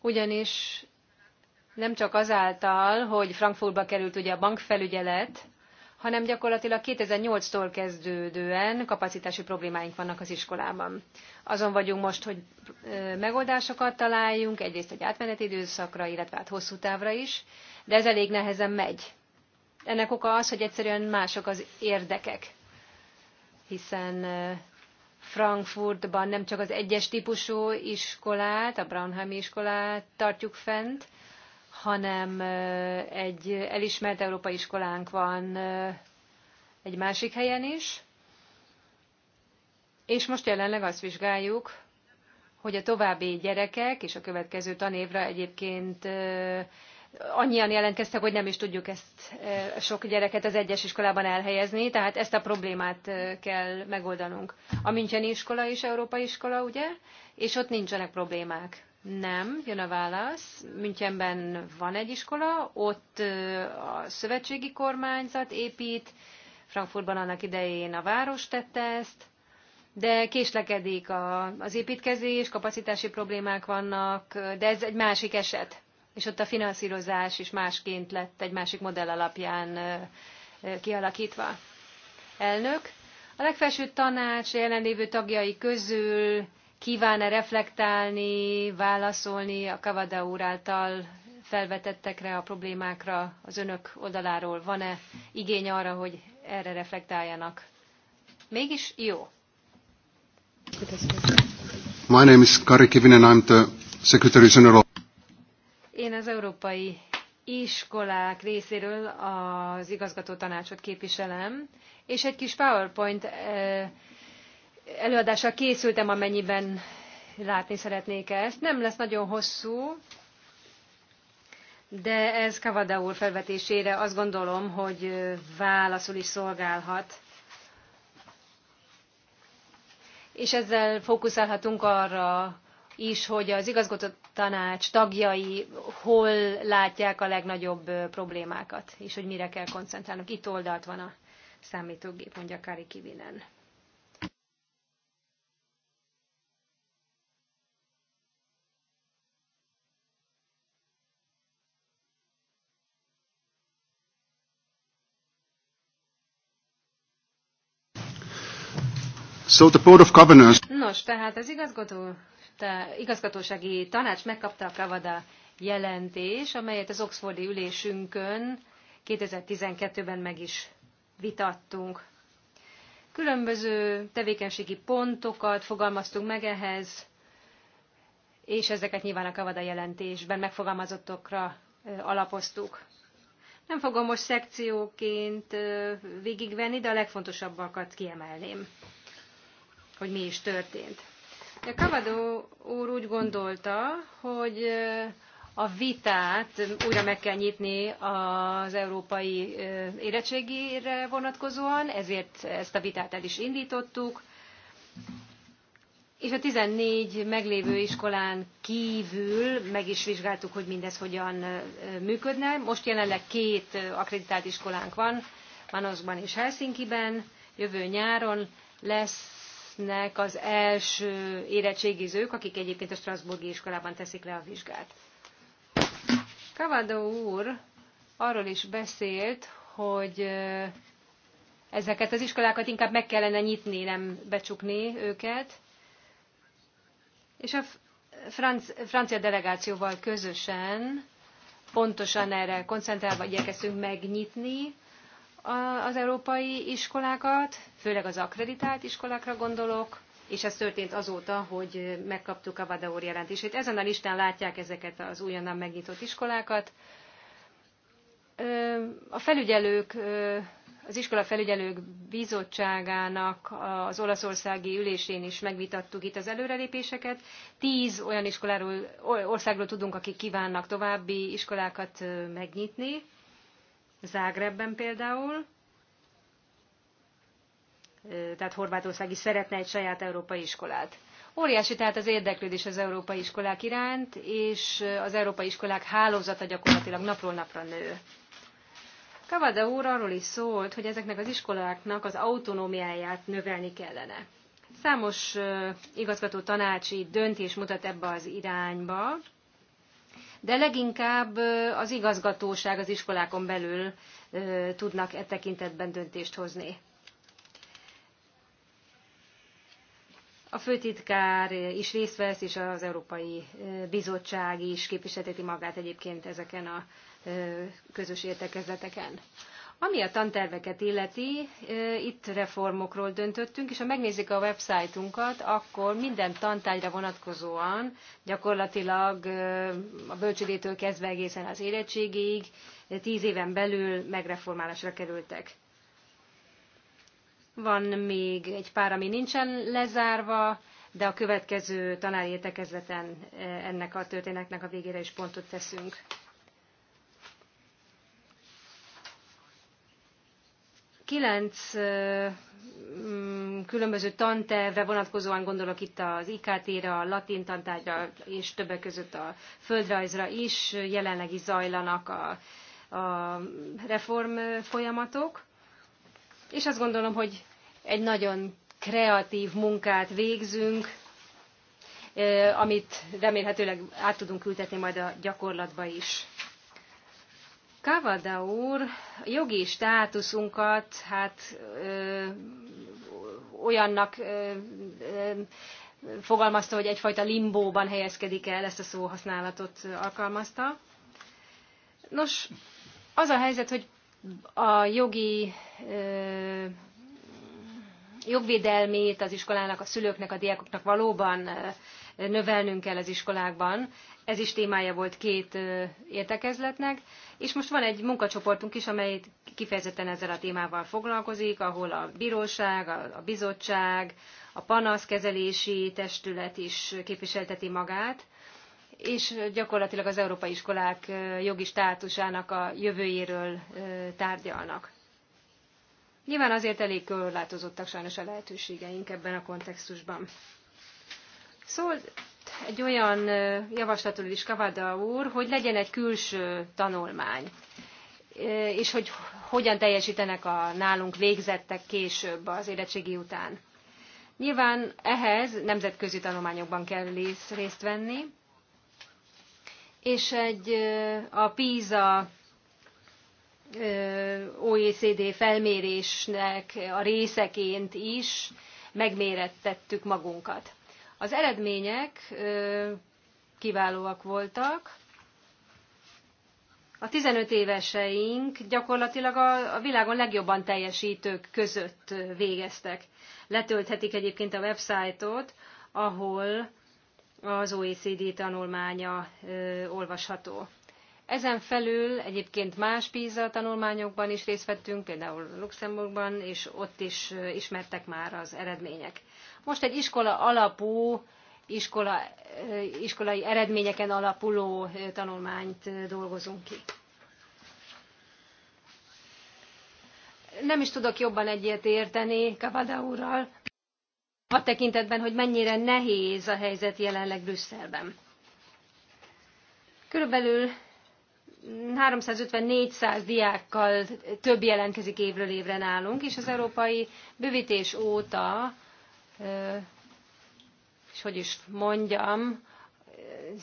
Ugyanis nem csak azáltal, hogy Frankfurtba került ugye a bankfelügyelet, hanem gyakorlatilag 2008-tól kezdődően kapacitási problémáink vannak az iskolában. Azon vagyunk most, hogy megoldásokat találjunk, egyrészt egy átmeneti időszakra, illetve hát hosszú távra is, de ez elég nehezen megy. Ennek oka az, hogy egyszerűen mások az érdekek, hiszen Frankfurtban nem csak az egyes típusú iskolát, a Braunheim iskolát tartjuk fent, hanem egy elismert európai iskolánk van egy másik helyen is, és most jelenleg azt vizsgáljuk, hogy a további gyerekek, és a következő tanévra egyébként annyian jelentkeztek, hogy nem is tudjuk ezt sok gyereket az egyes iskolában elhelyezni, tehát ezt a problémát kell megoldanunk. A Müncheni iskola is európai iskola, ugye? És ott nincsenek problémák. Nem, jön a válasz. Münchenben van egy iskola, ott a szövetségi kormányzat épít, Frankfurtban annak idején a város tette ezt, de késlekedik a, az építkezés, kapacitási problémák vannak, de ez egy másik eset. És ott a finanszírozás is másként lett, egy másik modell alapján kialakítva. Elnök, a legfelső tanács jelenlévő tagjai közül kíván-e reflektálni, válaszolni a Kavada úr által felvetettekre, a problémákra az önök oldaláról? Van-e igény arra, hogy erre reflektáljanak? Mégis jó.
My name is Kari Kivinen, I'm the Secretary General.
Én az Európai iskolák részéről az igazgató tanácsot képviselem, és egy kis PowerPoint eh, előadással készültem, amennyiben látni szeretnék ezt. Nem lesz nagyon hosszú, de ez Kavada úr felvetésére azt gondolom, hogy válaszul is szolgálhat. És ezzel fókuszálhatunk arra is, hogy az igazgató tanács tagjai hol látják a legnagyobb problémákat, és hogy mire kell koncentrálnunk. Itt oldalt van a számítógép, mondja Kari Kivinen.
So the Board of Governors...
Nos, tehát az igazgató, te, igazgatósági tanács megkapta a Kavada jelentés, amelyet az Oxfordi ülésünkön 2012-ben meg is vitattunk. Különböző tevékenységi pontokat fogalmaztunk meg ehhez, és ezeket nyilván a Kavada jelentésben megfogalmazottokra alapoztuk. Nem fogom most szekcióként végigvenni, de a legfontosabbakat kiemelném hogy mi is történt. A Kavadó úr úgy gondolta, hogy a vitát újra meg kell nyitni az európai érettségére vonatkozóan, ezért ezt a vitát el is indítottuk. És a 14 meglévő iskolán kívül meg is vizsgáltuk, hogy mindez hogyan működne. Most jelenleg két akreditált iskolánk van, Manoszban és Helsinkiben. Jövő nyáron lesz lesznek az első érettségizők, akik egyébként a Strasbourgi iskolában teszik le a vizsgát. Kavadó úr arról is beszélt, hogy ezeket az iskolákat inkább meg kellene nyitni, nem becsukni őket. És a franc, francia delegációval közösen pontosan erre koncentrálva igyekeztünk megnyitni az európai iskolákat, főleg az akreditált iskolákra gondolok, és ez történt azóta, hogy megkaptuk a úr jelentését. Ezen a listán látják ezeket az újonnan megnyitott iskolákat. A felügyelők, az iskola felügyelők bizottságának az olaszországi ülésén is megvitattuk itt az előrelépéseket. Tíz olyan iskoláról, országról tudunk, akik kívánnak további iskolákat megnyitni Zágrebben például, tehát Horvátország is szeretne egy saját európai iskolát. Óriási tehát az érdeklődés az európai iskolák iránt, és az európai iskolák hálózata gyakorlatilag napról napra nő. Kavada úr arról is szólt, hogy ezeknek az iskoláknak az autonómiáját növelni kellene. Számos igazgató tanácsi döntés mutat ebbe az irányba, de leginkább az igazgatóság az iskolákon belül tudnak e tekintetben döntést hozni. A főtitkár is részt vesz, és az Európai Bizottság is képviselteti magát egyébként ezeken a közös értekezleteken. Ami a tanterveket illeti, itt reformokról döntöttünk, és ha megnézik a websájtunkat, akkor minden tantárgyra vonatkozóan, gyakorlatilag a bölcsödétől kezdve egészen az érettségig, tíz éven belül megreformálásra kerültek. Van még egy pár, ami nincsen lezárva, de a következő tanári értekezleten ennek a történetnek a végére is pontot teszünk. kilenc mm, különböző tantervre vonatkozóan gondolok itt az IKT-re, a latin tantárgyra és többek között a földrajzra is jelenleg is zajlanak a, a reform folyamatok. És azt gondolom, hogy egy nagyon kreatív munkát végzünk, amit remélhetőleg át tudunk ültetni majd a gyakorlatba is. Kavada úr jogi státuszunkat hát ö, olyannak ö, ö, fogalmazta, hogy egyfajta limbóban helyezkedik el, ezt a szóhasználatot alkalmazta. Nos, az a helyzet, hogy a jogi ö, jogvédelmét az iskolának, a szülőknek, a diákoknak valóban növelnünk kell az iskolákban. Ez is témája volt két értekezletnek, és most van egy munkacsoportunk is, amely kifejezetten ezzel a témával foglalkozik, ahol a bíróság, a bizottság, a panaszkezelési testület is képviselteti magát, és gyakorlatilag az európai iskolák jogi státusának a jövőjéről tárgyalnak. Nyilván azért elég korlátozottak sajnos a lehetőségeink ebben a kontextusban. Szólt egy olyan javaslatról is Kavada úr, hogy legyen egy külső tanulmány, és hogy hogyan teljesítenek a nálunk végzettek később az érettségi után. Nyilván ehhez nemzetközi tanulmányokban kell részt venni, és egy a PISA OECD felmérésnek a részeként is megmérettettük magunkat. Az eredmények kiválóak voltak. A 15 éveseink gyakorlatilag a világon legjobban teljesítők között végeztek. Letölthetik egyébként a websájtot, ahol az OECD tanulmánya olvasható. Ezen felül egyébként más PISA tanulmányokban is részt vettünk, például Luxemburgban, és ott is ismertek már az eredmények. Most egy iskola alapú, iskola, iskolai eredményeken alapuló tanulmányt dolgozunk ki. Nem is tudok jobban egyet érteni Kavada úrral, a tekintetben, hogy mennyire nehéz a helyzet jelenleg Brüsszelben. Körülbelül 350-400 diákkal több jelentkezik évről évre nálunk, és az európai bővítés óta, és hogy is mondjam,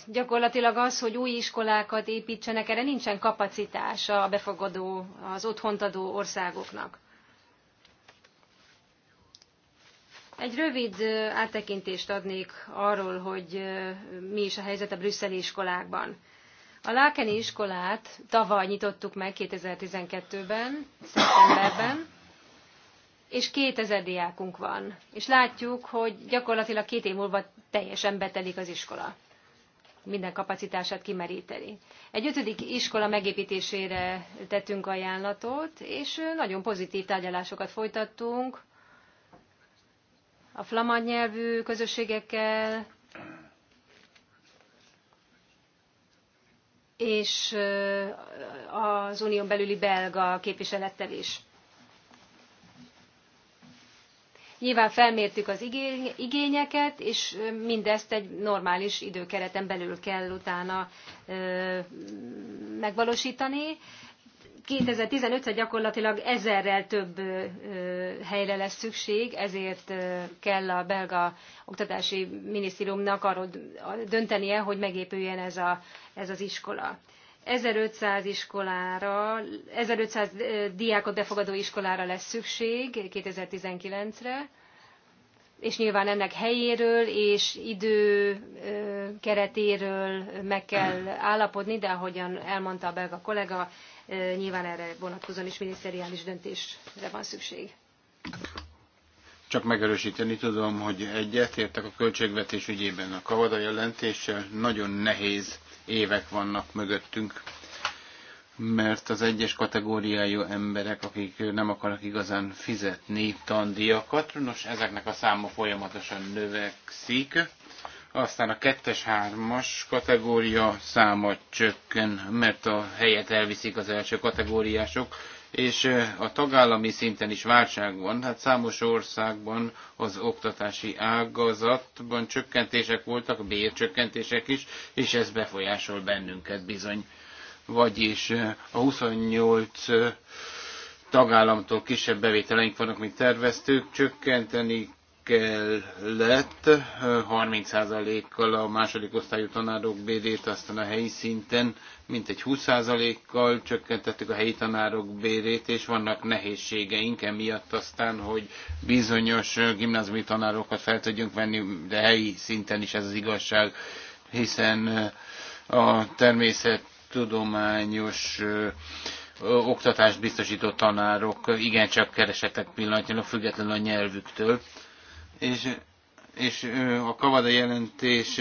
gyakorlatilag az, hogy új iskolákat építsenek, erre nincsen kapacitása a befogadó, az otthontadó országoknak. Egy rövid áttekintést adnék arról, hogy mi is a helyzet a brüsszeli iskolákban. A Lákeni iskolát tavaly nyitottuk meg 2012-ben, szeptemberben, és 2000 diákunk van. És látjuk, hogy gyakorlatilag két év múlva teljesen betelik az iskola. Minden kapacitását kimeríteni. Egy ötödik iskola megépítésére tettünk ajánlatot, és nagyon pozitív tárgyalásokat folytattunk a flamand nyelvű közösségekkel, és az unión belüli belga képviselettel is. Nyilván felmértük az igényeket, és mindezt egy normális időkereten belül kell utána megvalósítani. 2015-re gyakorlatilag ezerrel több helyre lesz szükség, ezért kell a belga oktatási minisztériumnak arról döntenie, hogy megépüljen ez, a, ez az iskola. 1500 iskolára, 1500 diákot befogadó iskolára lesz szükség 2019-re, és nyilván ennek helyéről és idő keretéről meg kell állapodni, de ahogyan elmondta a belga kollega, nyilván erre vonatkozóan is miniszteriális döntésre van szükség.
Csak megerősíteni tudom, hogy egyetértek a költségvetés ügyében a Kavada jelentéssel. Nagyon nehéz évek vannak mögöttünk mert az egyes kategóriájú emberek, akik nem akarnak igazán fizetni tandíjakat, nos, ezeknek a száma folyamatosan növekszik. Aztán a 2 3 kategória száma csökken, mert a helyet elviszik az első kategóriások, és a tagállami szinten is válság van. Hát számos országban az oktatási ágazatban csökkentések voltak, bércsökkentések is, és ez befolyásol bennünket bizony vagyis a 28 tagállamtól kisebb bevételeink vannak, mint terveztük, csökkenteni kellett 30%-kal a második osztályú tanárok bérét, aztán a helyi szinten mintegy 20%-kal csökkentettük a helyi tanárok bérét, és vannak nehézségeink emiatt aztán, hogy bizonyos gimnáziumi tanárokat fel tudjunk venni, de helyi szinten is ez az igazság, hiszen a természet tudományos oktatást biztosító tanárok igencsak keresettek pillanatnyilag, függetlenül a nyelvüktől. És, és a Kavada jelentés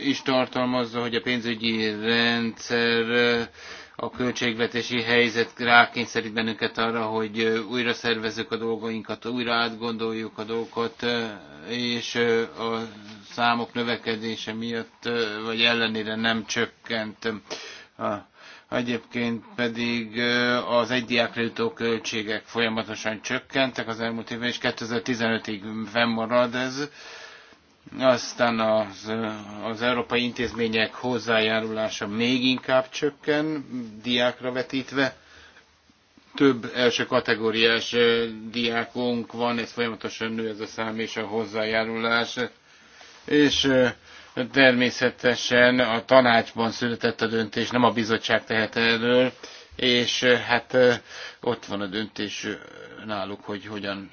is tartalmazza, hogy a pénzügyi rendszer a költségvetési helyzet rákényszerít bennünket arra, hogy újra szervezzük a dolgainkat, újra átgondoljuk a dolgokat, és a számok növekedése miatt, vagy ellenére nem csökkent. Egyébként pedig az egy diákra jutó költségek folyamatosan csökkentek az elmúlt évben, és 2015-ig fennmarad ez aztán az, az európai intézmények hozzájárulása még inkább csökken, diákra vetítve. Több első kategóriás diákunk van, ez folyamatosan nő ez a szám és a hozzájárulás. És természetesen a tanácsban született a döntés, nem a bizottság tehet erről, és hát ott van a döntés náluk, hogy hogyan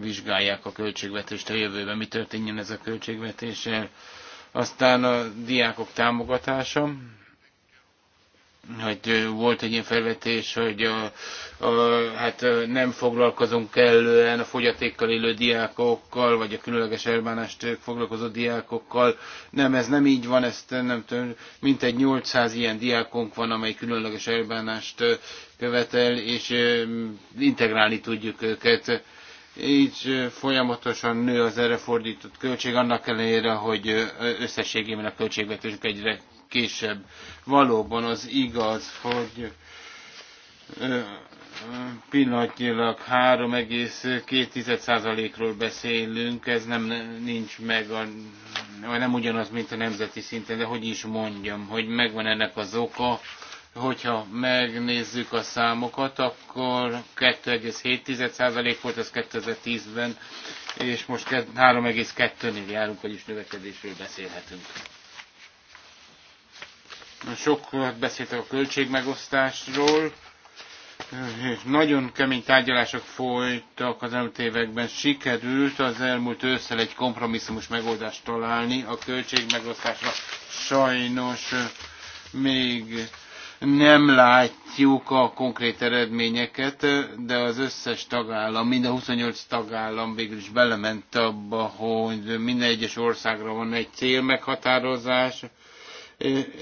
vizsgálják a költségvetést a jövőben, mi történjen ez a költségvetéssel. Aztán a diákok támogatása, hogy volt egy ilyen felvetés, hogy a, a, hát nem foglalkozunk kellően a fogyatékkal élő diákokkal, vagy a különleges elbánást foglalkozó diákokkal. Nem, ez nem így van, ezt nem tudom, egy 800 ilyen diákunk van, amely különleges elbánást követel, és integrálni tudjuk őket így folyamatosan nő az erre fordított költség, annak ellenére, hogy összességében a költségvetésük egyre kisebb. Valóban az igaz, hogy pillanatnyilag 3,2%-ról beszélünk, ez nem nincs meg, a, nem ugyanaz, mint a nemzeti szinten, de hogy is mondjam, hogy megvan ennek az oka, Hogyha megnézzük a számokat, akkor 2,7% volt ez 2010-ben, és most 3,2-nél járunk, vagyis növekedésről beszélhetünk. Sokat beszéltek a költségmegosztásról, nagyon kemény tárgyalások folytak az elmúlt években. Sikerült az elmúlt ősszel egy kompromisszumos megoldást találni a költségmegosztásra. Sajnos még nem látjuk a konkrét eredményeket, de az összes tagállam, mind a 28 tagállam végül is belement abba, hogy minden egyes országra van egy cél meghatározás,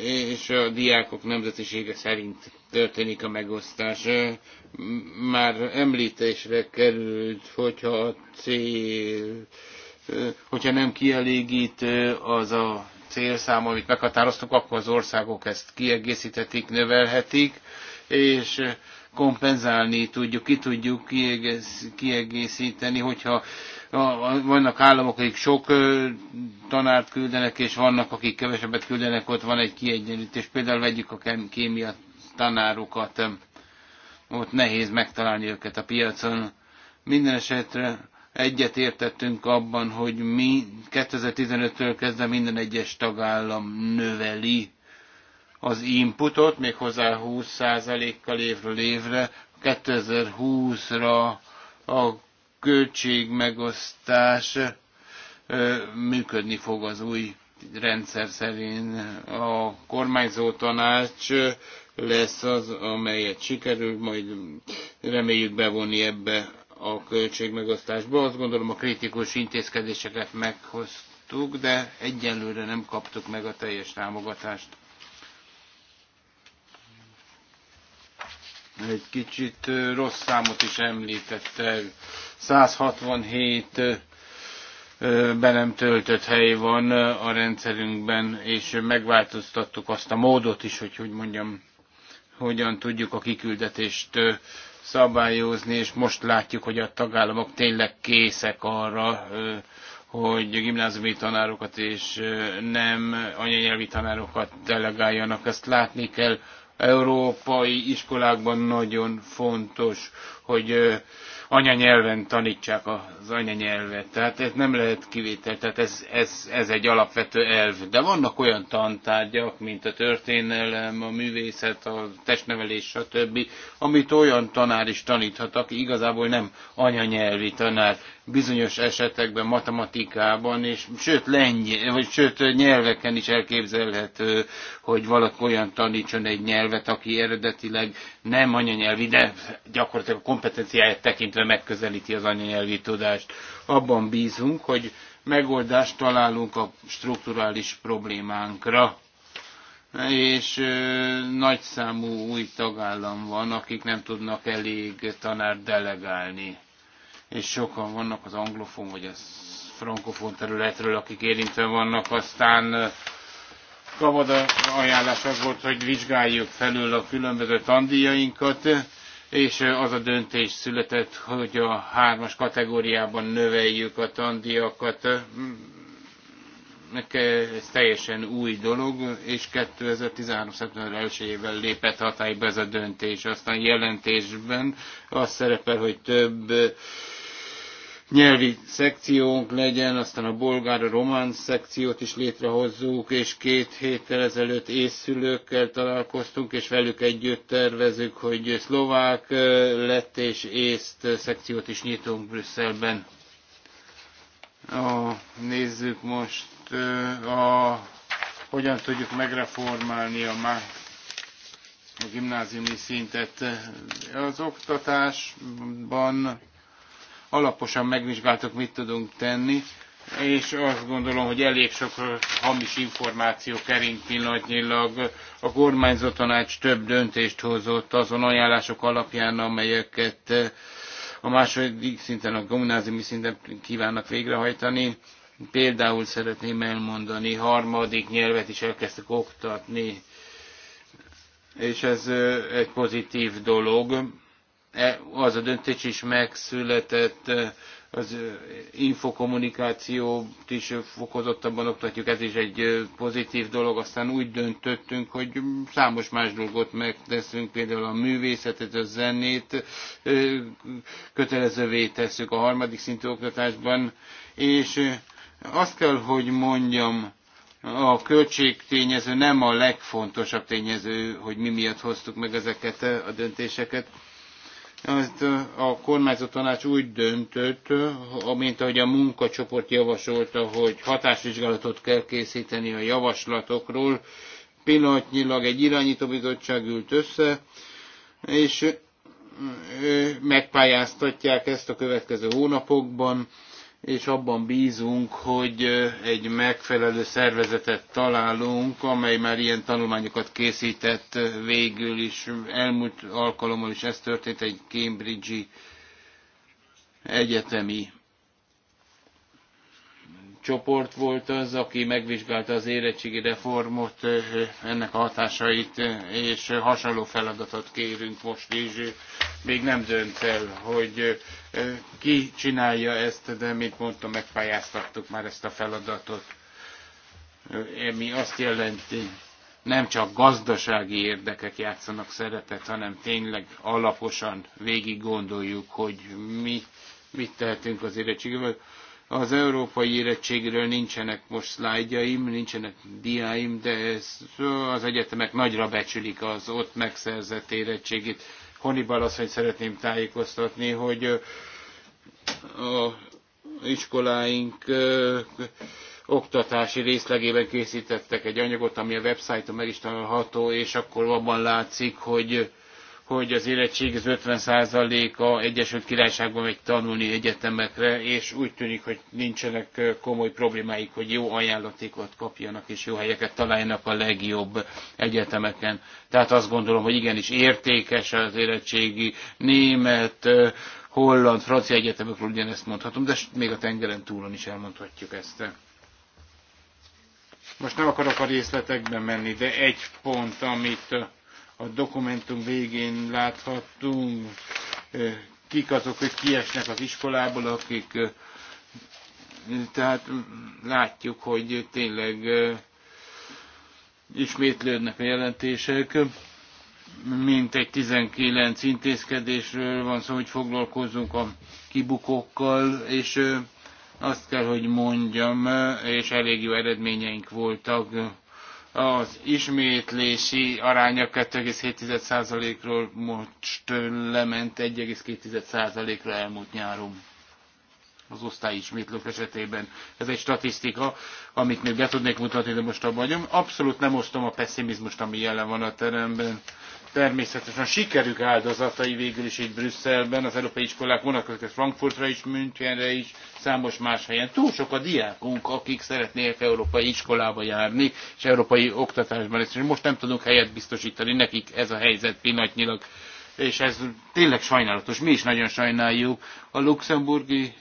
és a diákok nemzetisége szerint történik a megosztás. Már említésre került, hogyha a cél, hogyha nem kielégítő az a célszám, amit meghatároztunk, akkor az országok ezt kiegészíthetik, növelhetik, és kompenzálni tudjuk, ki tudjuk kiegészíteni, hogyha vannak államok, akik sok tanárt küldenek, és vannak, akik kevesebbet küldenek, ott van egy kiegyenlítés. Például vegyük a kémia tanárokat, ott nehéz megtalálni őket a piacon. Minden esetre Egyet értettünk abban, hogy mi 2015-től kezdve minden egyes tagállam növeli az inputot, méghozzá 20%-kal évről évre, 2020-ra a költségmegosztás működni fog az új rendszer szerint. A kormányzó tanács lesz az, amelyet sikerül majd reméljük bevonni ebbe a költségmegosztásba. Azt gondolom a kritikus intézkedéseket meghoztuk, de egyelőre nem kaptuk meg a teljes támogatást. Egy kicsit rossz számot is említette. 167 be nem töltött hely van a rendszerünkben, és megváltoztattuk azt a módot is, hogy hogy mondjam, hogyan tudjuk a kiküldetést szabályozni, és most látjuk, hogy a tagállamok tényleg készek arra, hogy gimnáziumi tanárokat és nem anyanyelvi tanárokat delegáljanak. Ezt látni kell. Európai iskolákban nagyon fontos, hogy anyanyelven tanítsák az anyanyelvet. Tehát ez nem lehet kivétel, tehát ez, ez, ez egy alapvető elv. De vannak olyan tantárgyak, mint a történelem, a művészet, a testnevelés, stb., amit olyan tanár is taníthat, aki igazából nem anyanyelvi tanár bizonyos esetekben matematikában, és sőt, lengy, vagy sőt nyelveken is elképzelhető, hogy valaki olyan tanítson egy nyelvet, aki eredetileg nem anyanyelvi, de gyakorlatilag a kompetenciáját tekintve megközelíti az anyanyelvi tudást. Abban bízunk, hogy megoldást találunk a strukturális problémánkra és nagyszámú új tagállam van, akik nem tudnak elég tanárt delegálni és sokan vannak az anglofon vagy a frankofon területről, akik érintve vannak, aztán Kavada ajánlás az volt, hogy vizsgáljuk felül a különböző tandíjainkat, és az a döntés született, hogy a hármas kategóriában növeljük a tandíjakat. Ez teljesen új dolog, és 2013. szeptember 1-ével lépett hatályba ez a döntés. Aztán jelentésben az szerepel, hogy több nyelvi szekciónk legyen, aztán a bolgár, a román szekciót is létrehozzuk, és két héttel ezelőtt észszülőkkel találkoztunk, és velük együtt tervezük, hogy szlovák lett és észt szekciót is nyitunk Brüsszelben. Ó, nézzük most, a, hogyan tudjuk megreformálni a már a gimnáziumi szintet. Az oktatásban alaposan megvizsgáltuk, mit tudunk tenni, és azt gondolom, hogy elég sok hamis információ kering pillanatnyilag. A kormányzó tanács több döntést hozott azon ajánlások alapján, amelyeket a második szinten, a gimnáziumi szinten kívánnak végrehajtani. Például szeretném elmondani, harmadik nyelvet is elkezdtek oktatni, és ez egy pozitív dolog E, az a döntés is megszületett, e, az e, infokommunikációt is fokozottabban oktatjuk, ez is egy pozitív dolog. Aztán úgy döntöttünk, hogy számos más dolgot megteszünk, például a művészetet, a zenét kötelezővé tesszük a harmadik szintű oktatásban, és azt kell, hogy mondjam, a költségtényező nem a legfontosabb tényező, hogy mi miatt hoztuk meg ezeket a döntéseket a kormányzat tanács úgy döntött, amint ahogy a munkacsoport javasolta, hogy hatásvizsgálatot kell készíteni a javaslatokról. Pillanatnyilag egy irányító bizottság ült össze, és megpályáztatják ezt a következő hónapokban, és abban bízunk, hogy egy megfelelő szervezetet találunk, amely már ilyen tanulmányokat készített végül is. Elmúlt alkalommal is ez történt egy Cambridge-i egyetemi csoport volt az, aki megvizsgálta az érettségi reformot, ennek a hatásait, és hasonló feladatot kérünk most is. Még nem dönt el, hogy ki csinálja ezt, de mint mondtam, megpályáztattuk már ezt a feladatot. Ami azt jelenti, nem csak gazdasági érdekek játszanak szerepet, hanem tényleg alaposan végig gondoljuk, hogy mi mit tehetünk az érettségével. Az európai érettségről nincsenek most szlájdjaim, nincsenek diáim, de ez, az egyetemek nagyra becsülik az ott megszerzett érettségét. Honibal hogy szeretném tájékoztatni, hogy a iskoláink oktatási részlegében készítettek egy anyagot, ami a websájton meg is található, és akkor abban látszik, hogy hogy az érettség az 50%-a Egyesült Királyságban megy tanulni egyetemekre, és úgy tűnik, hogy nincsenek komoly problémáik, hogy jó ajánlatékot kapjanak, és jó helyeket találjanak a legjobb egyetemeken. Tehát azt gondolom, hogy igenis értékes az érettségi német, holland, francia egyetemekről ugyanezt mondhatom, de még a tengeren túlon is elmondhatjuk ezt. Most nem akarok a részletekben menni, de egy pont, amit a dokumentum végén láthattunk, eh, kik azok, hogy kiesnek az iskolából, akik eh, tehát látjuk, hogy tényleg eh, ismétlődnek a jelentések. mint egy 19 intézkedésről van szó, hogy foglalkozunk a kibukókkal, és azt kell, hogy mondjam, és elég jó eredményeink voltak az ismétlési aránya 2,7%-ról most lement 1,2%-ra elmúlt nyáron az osztályismétlők esetében. Ez egy statisztika, amit még be tudnék mutatni, de most abban vagyom. Abszolút nem osztom a pessimizmust, ami jelen van a teremben természetesen sikerük áldozatai végül is itt Brüsszelben, az európai iskolák vonatkoznak Frankfurtra is, Münchenre is, számos más helyen. Túl sok a diákunk, akik szeretnének európai iskolába járni, és európai oktatásban és Most nem tudunk helyet biztosítani nekik ez a helyzet pillanatnyilag. És ez tényleg sajnálatos, mi is nagyon sajnáljuk. A luxemburgi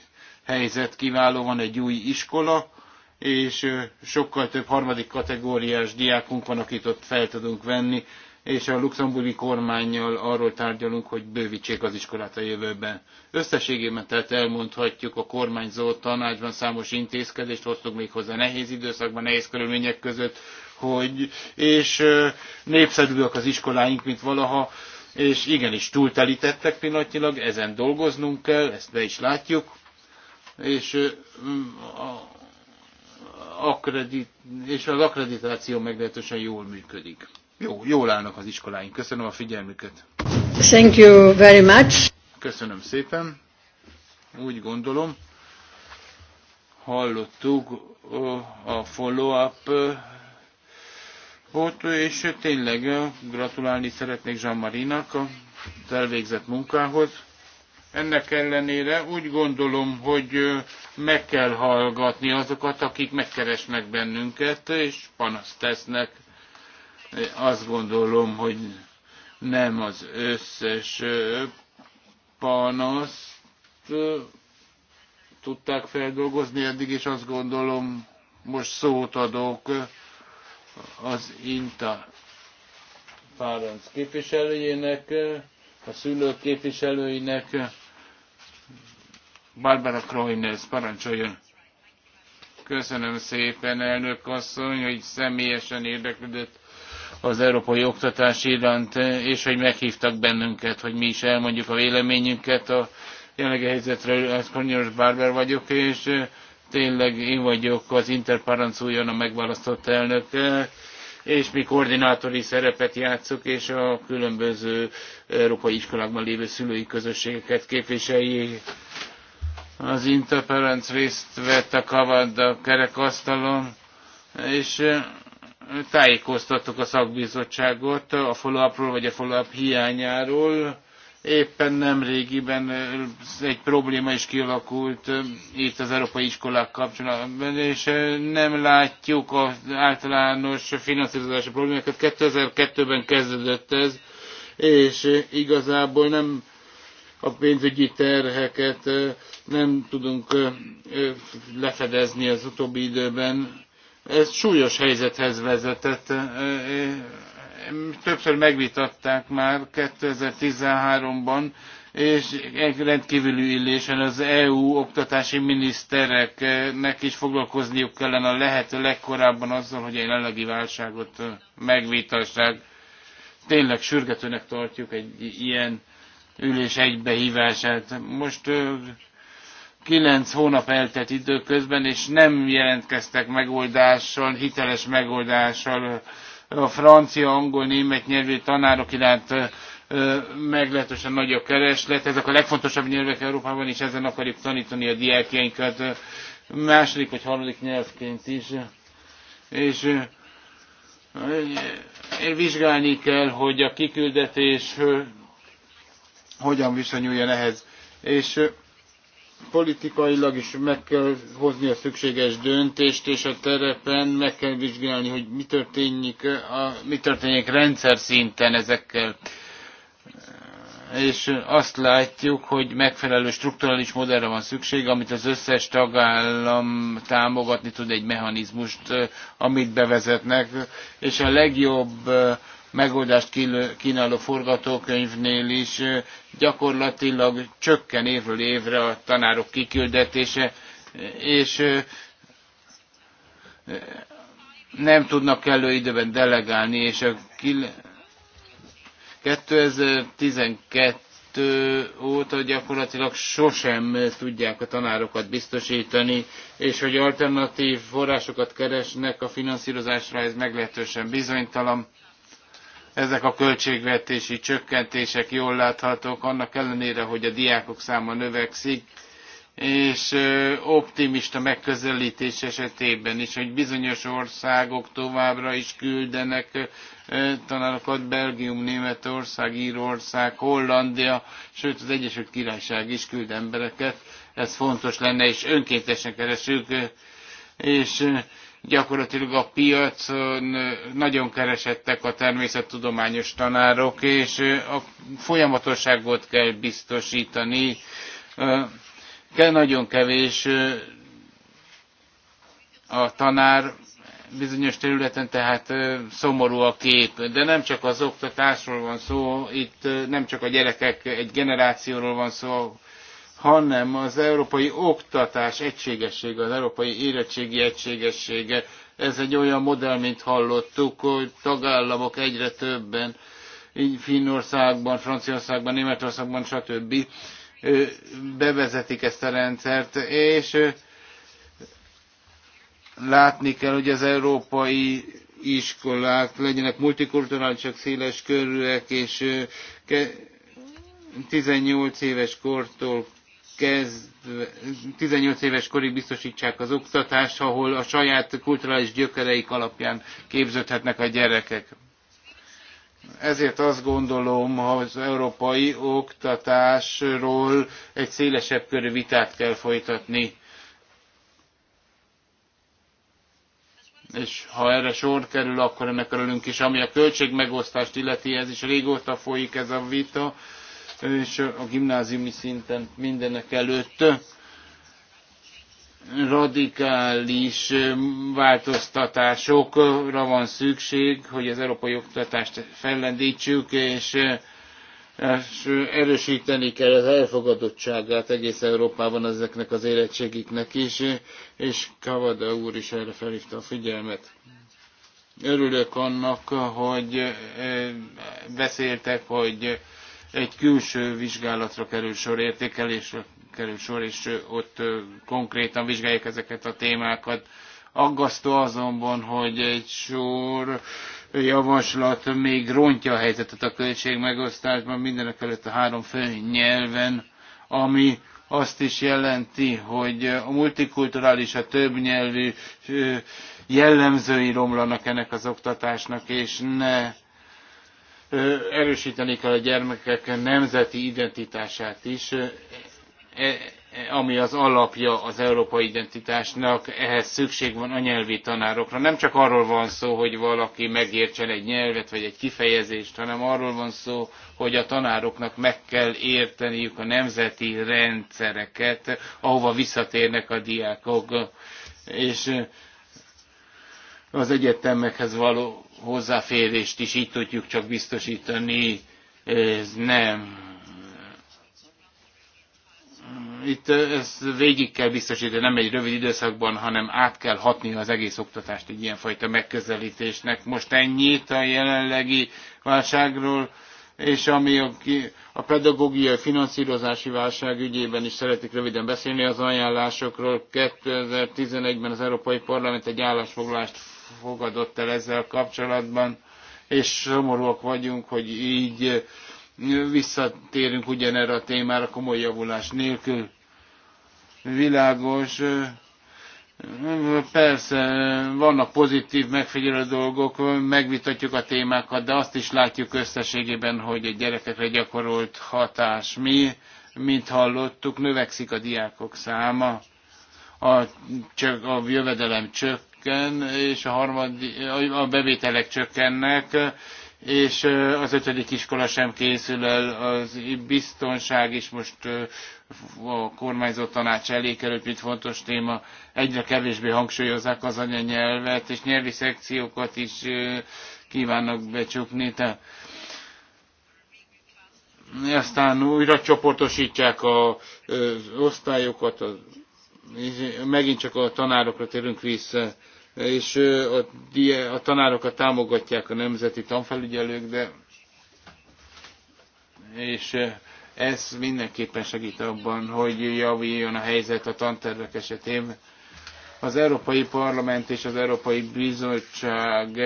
helyzet kiváló, van egy új iskola, és sokkal több harmadik kategóriás diákunk van, akit ott fel tudunk venni és a luxemburgi kormányjal arról tárgyalunk, hogy bővítsék az iskolát a jövőben. Összességében tehát elmondhatjuk, a kormányzó tanácsban számos intézkedést hoztunk még hozzá nehéz időszakban, nehéz körülmények között, hogy, és népszerűek az iskoláink, mint valaha, és igenis túltelítettek pillanatnyilag, ezen dolgoznunk kell, ezt be is látjuk, és a, akredit, és az akkreditáció meglehetősen jól működik jó, jól állnak az iskoláink. Köszönöm a figyelmüket.
Thank you very much.
Köszönöm szépen. Úgy gondolom, hallottuk a follow-up volt, és tényleg gratulálni szeretnék Jean Marinak a elvégzett munkához. Ennek ellenére úgy gondolom, hogy meg kell hallgatni azokat, akik megkeresnek bennünket, és panaszt tesznek azt gondolom, hogy nem az összes panaszt tudták feldolgozni eddig, és azt gondolom, most szót adok az INTA Fárenc képviselőjének, a szülők képviselőinek, Barbara Kroinez, parancsoljon! Köszönöm szépen, elnök asszony, hogy személyesen érdeklődött az európai oktatás iránt, és hogy meghívtak bennünket, hogy mi is elmondjuk a véleményünket a jelenlegi helyzetről. Ez hát, Konyos Barber vagyok, és eh, tényleg én vagyok az Interparanculjon a megválasztott elnök, eh, és mi koordinátori szerepet játszok, és a különböző európai iskolákban lévő szülői közösségeket képviseljék. Az Interparanc részt vett a a kerekasztalon, és eh, tájékoztattuk a szakbizottságot a follow vagy a follow hiányáról. Éppen nem régiben egy probléma is kialakult itt az európai iskolák kapcsolatban, és nem látjuk az általános finanszírozási problémákat. 2002-ben kezdődött ez, és igazából nem a pénzügyi terheket nem tudunk lefedezni az utóbbi időben ez súlyos helyzethez vezetett. Többször megvitatták már 2013-ban, és egy rendkívüli illésen az EU oktatási minisztereknek is foglalkozniuk kellene a lehető legkorábban azzal, hogy a jelenlegi válságot megvitassák. Tényleg sürgetőnek tartjuk egy ilyen ülés egybehívását. Most kilenc hónap eltelt időközben, és nem jelentkeztek megoldással, hiteles megoldással a francia, angol, német nyelvű tanárok iránt meglehetősen nagy a kereslet. Ezek a legfontosabb nyelvek Európában, és ezen akarjuk tanítani a diákjainkat második vagy harmadik nyelvként is. És vizsgálni kell, hogy a kiküldetés hogyan viszonyuljon ehhez. És politikailag is meg kell hozni a szükséges döntést, és a terepen meg kell vizsgálni, hogy mi történik, a, mi történik rendszer szinten ezekkel. És azt látjuk, hogy megfelelő strukturális modellre van szükség, amit az összes tagállam támogatni tud egy mechanizmust, eh, amit bevezetnek, és a legjobb eh, megoldást kínáló forgatókönyvnél is gyakorlatilag csökken évről évre a tanárok kiküldetése, és nem tudnak kellő időben delegálni, és a 2012 óta gyakorlatilag sosem tudják a tanárokat biztosítani, és hogy alternatív forrásokat keresnek a finanszírozásra, ez meglehetősen bizonytalan ezek a költségvetési csökkentések jól láthatók, annak ellenére, hogy a diákok száma növekszik, és optimista megközelítés esetében is, hogy bizonyos országok továbbra is küldenek tanárokat, Belgium, Németország, Írország, Hollandia, sőt az Egyesült Királyság is küld embereket, ez fontos lenne, és önkéntesen keresünk, és Gyakorlatilag a piacon nagyon keresettek a természettudományos tanárok, és a folyamatosságot kell biztosítani. Kell nagyon kevés a tanár bizonyos területen, tehát szomorú a kép. De nem csak az oktatásról van szó, itt nem csak a gyerekek egy generációról van szó, hanem az európai oktatás egységessége, az európai érettségi egységessége. Ez egy olyan modell, mint hallottuk, hogy tagállamok egyre többen, így Finnországban, Franciaországban, Németországban, stb. bevezetik ezt a rendszert, és látni kell, hogy az európai iskolák legyenek multikulturálisak, széles körűek, és 18 éves kortól kezdve, 18 éves korig biztosítsák az oktatást, ahol a saját kulturális gyökereik alapján képződhetnek a gyerekek. Ezért azt gondolom, ha az európai oktatásról egy szélesebb körű vitát kell folytatni. és ha erre sor kerül, akkor ennek örülünk is. Ami a költségmegosztást illeti, ez is régóta folyik ez a vita, és a gimnáziumi szinten mindenek előtt radikális változtatásokra van szükség, hogy az európai oktatást fellendítsük, és erősíteni kell az elfogadottságát egész Európában ezeknek az érettségiknek is, és Kavada úr is erre felhívta a figyelmet. Örülök annak, hogy eh, beszéltek, hogy egy külső vizsgálatra kerül sor, értékelésre kerül sor, és ott konkrétan vizsgálják ezeket a témákat. Aggasztó azonban, hogy egy sor javaslat még rontja a helyzetet a költségmegosztásban, mindenek előtt a három fő nyelven, ami azt is jelenti, hogy a multikulturális, a többnyelvű jellemzői romlanak ennek az oktatásnak, és ne erősteni kell a gyermekek nemzeti identitását is, e, e, ami az alapja az európai identitásnak, ehhez szükség van a nyelvi tanárokra. Nem csak arról van szó, hogy valaki megértsen egy nyelvet vagy egy kifejezést, hanem arról van szó, hogy a tanároknak meg kell érteniük a nemzeti rendszereket, ahova visszatérnek a diákok. És az egyetemekhez való hozzáférést is így tudjuk csak biztosítani. Ez nem. Itt ezt végig kell biztosítani, nem egy rövid időszakban, hanem át kell hatni az egész oktatást egy ilyenfajta megközelítésnek. Most ennyit a jelenlegi válságról és ami a, a pedagógiai finanszírozási válság ügyében is szeretik röviden beszélni az ajánlásokról. 2011-ben az Európai Parlament egy állásfoglalást fogadott el ezzel kapcsolatban, és szomorúak vagyunk, hogy így visszatérünk ugyanerre a témára komoly javulás nélkül. Világos, Persze, vannak pozitív megfigyelő dolgok, megvitatjuk a témákat, de azt is látjuk összességében, hogy a gyerekekre gyakorolt hatás mi, mint hallottuk, növekszik a diákok száma, a, a jövedelem csökken, csökken, és a, harmad a bevételek csökkennek, és az ötödik iskola sem készül el, az biztonság is most a kormányzó tanács elé került, mint fontos téma, egyre kevésbé hangsúlyozzák az anyanyelvet, és nyelvi szekciókat is kívánnak becsukni. Te. aztán újra csoportosítják az osztályokat, megint csak a tanárokra térünk vissza, és a, a tanárokat támogatják a nemzeti tanfelügyelők, de és ez mindenképpen segít abban, hogy javuljon a helyzet a tantervek esetében az Európai Parlament és az Európai Bizottság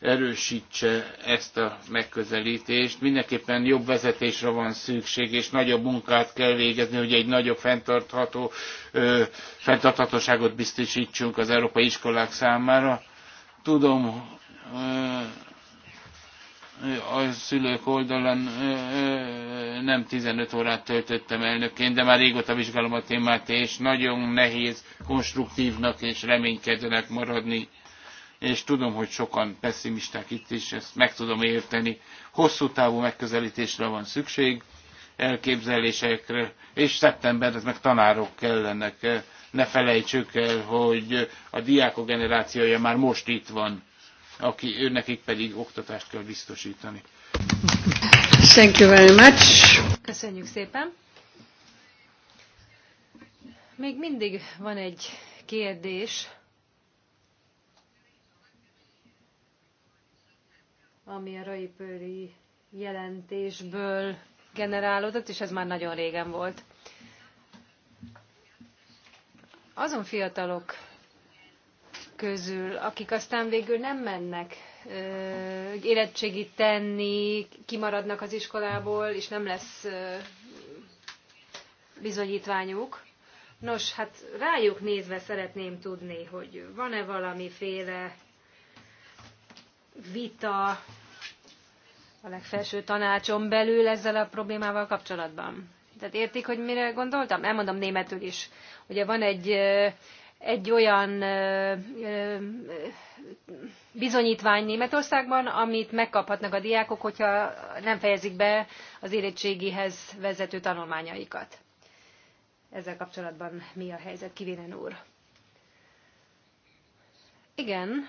erősítse ezt a megközelítést. Mindenképpen jobb vezetésre van szükség, és nagyobb munkát kell végezni, hogy egy nagyobb fenntartható, ö, fenntarthatóságot biztosítsunk az európai iskolák számára. Tudom, ö, a szülők oldalán nem 15 órát töltöttem elnökként, de már régóta vizsgálom a témát, és nagyon nehéz konstruktívnak és reménykedőnek maradni. És tudom, hogy sokan pessimisták itt is, ezt meg tudom érteni. Hosszú távú megközelítésre van szükség, elképzelésekre, és szeptemberhez meg tanárok kellenek. Ne felejtsük el, hogy a diákok generációja már most itt van aki őnekik pedig oktatást kell biztosítani.
Thank you very much. Köszönjük szépen. Még mindig van egy kérdés, ami a raipőri jelentésből generálódott, és ez már nagyon régen volt. Azon fiatalok közül, akik aztán végül nem mennek érettségit tenni, kimaradnak az iskolából, és nem lesz bizonyítványuk. Nos, hát rájuk nézve szeretném tudni, hogy van-e valamiféle vita a legfelső tanácson belül ezzel a problémával kapcsolatban. Tehát értik, hogy mire gondoltam? Elmondom németül is. Ugye van egy egy olyan bizonyítvány Németországban, amit megkaphatnak a diákok, hogyha nem fejezik be az érettségihez vezető tanulmányaikat. Ezzel kapcsolatban mi a helyzet, kivinen úr? Igen.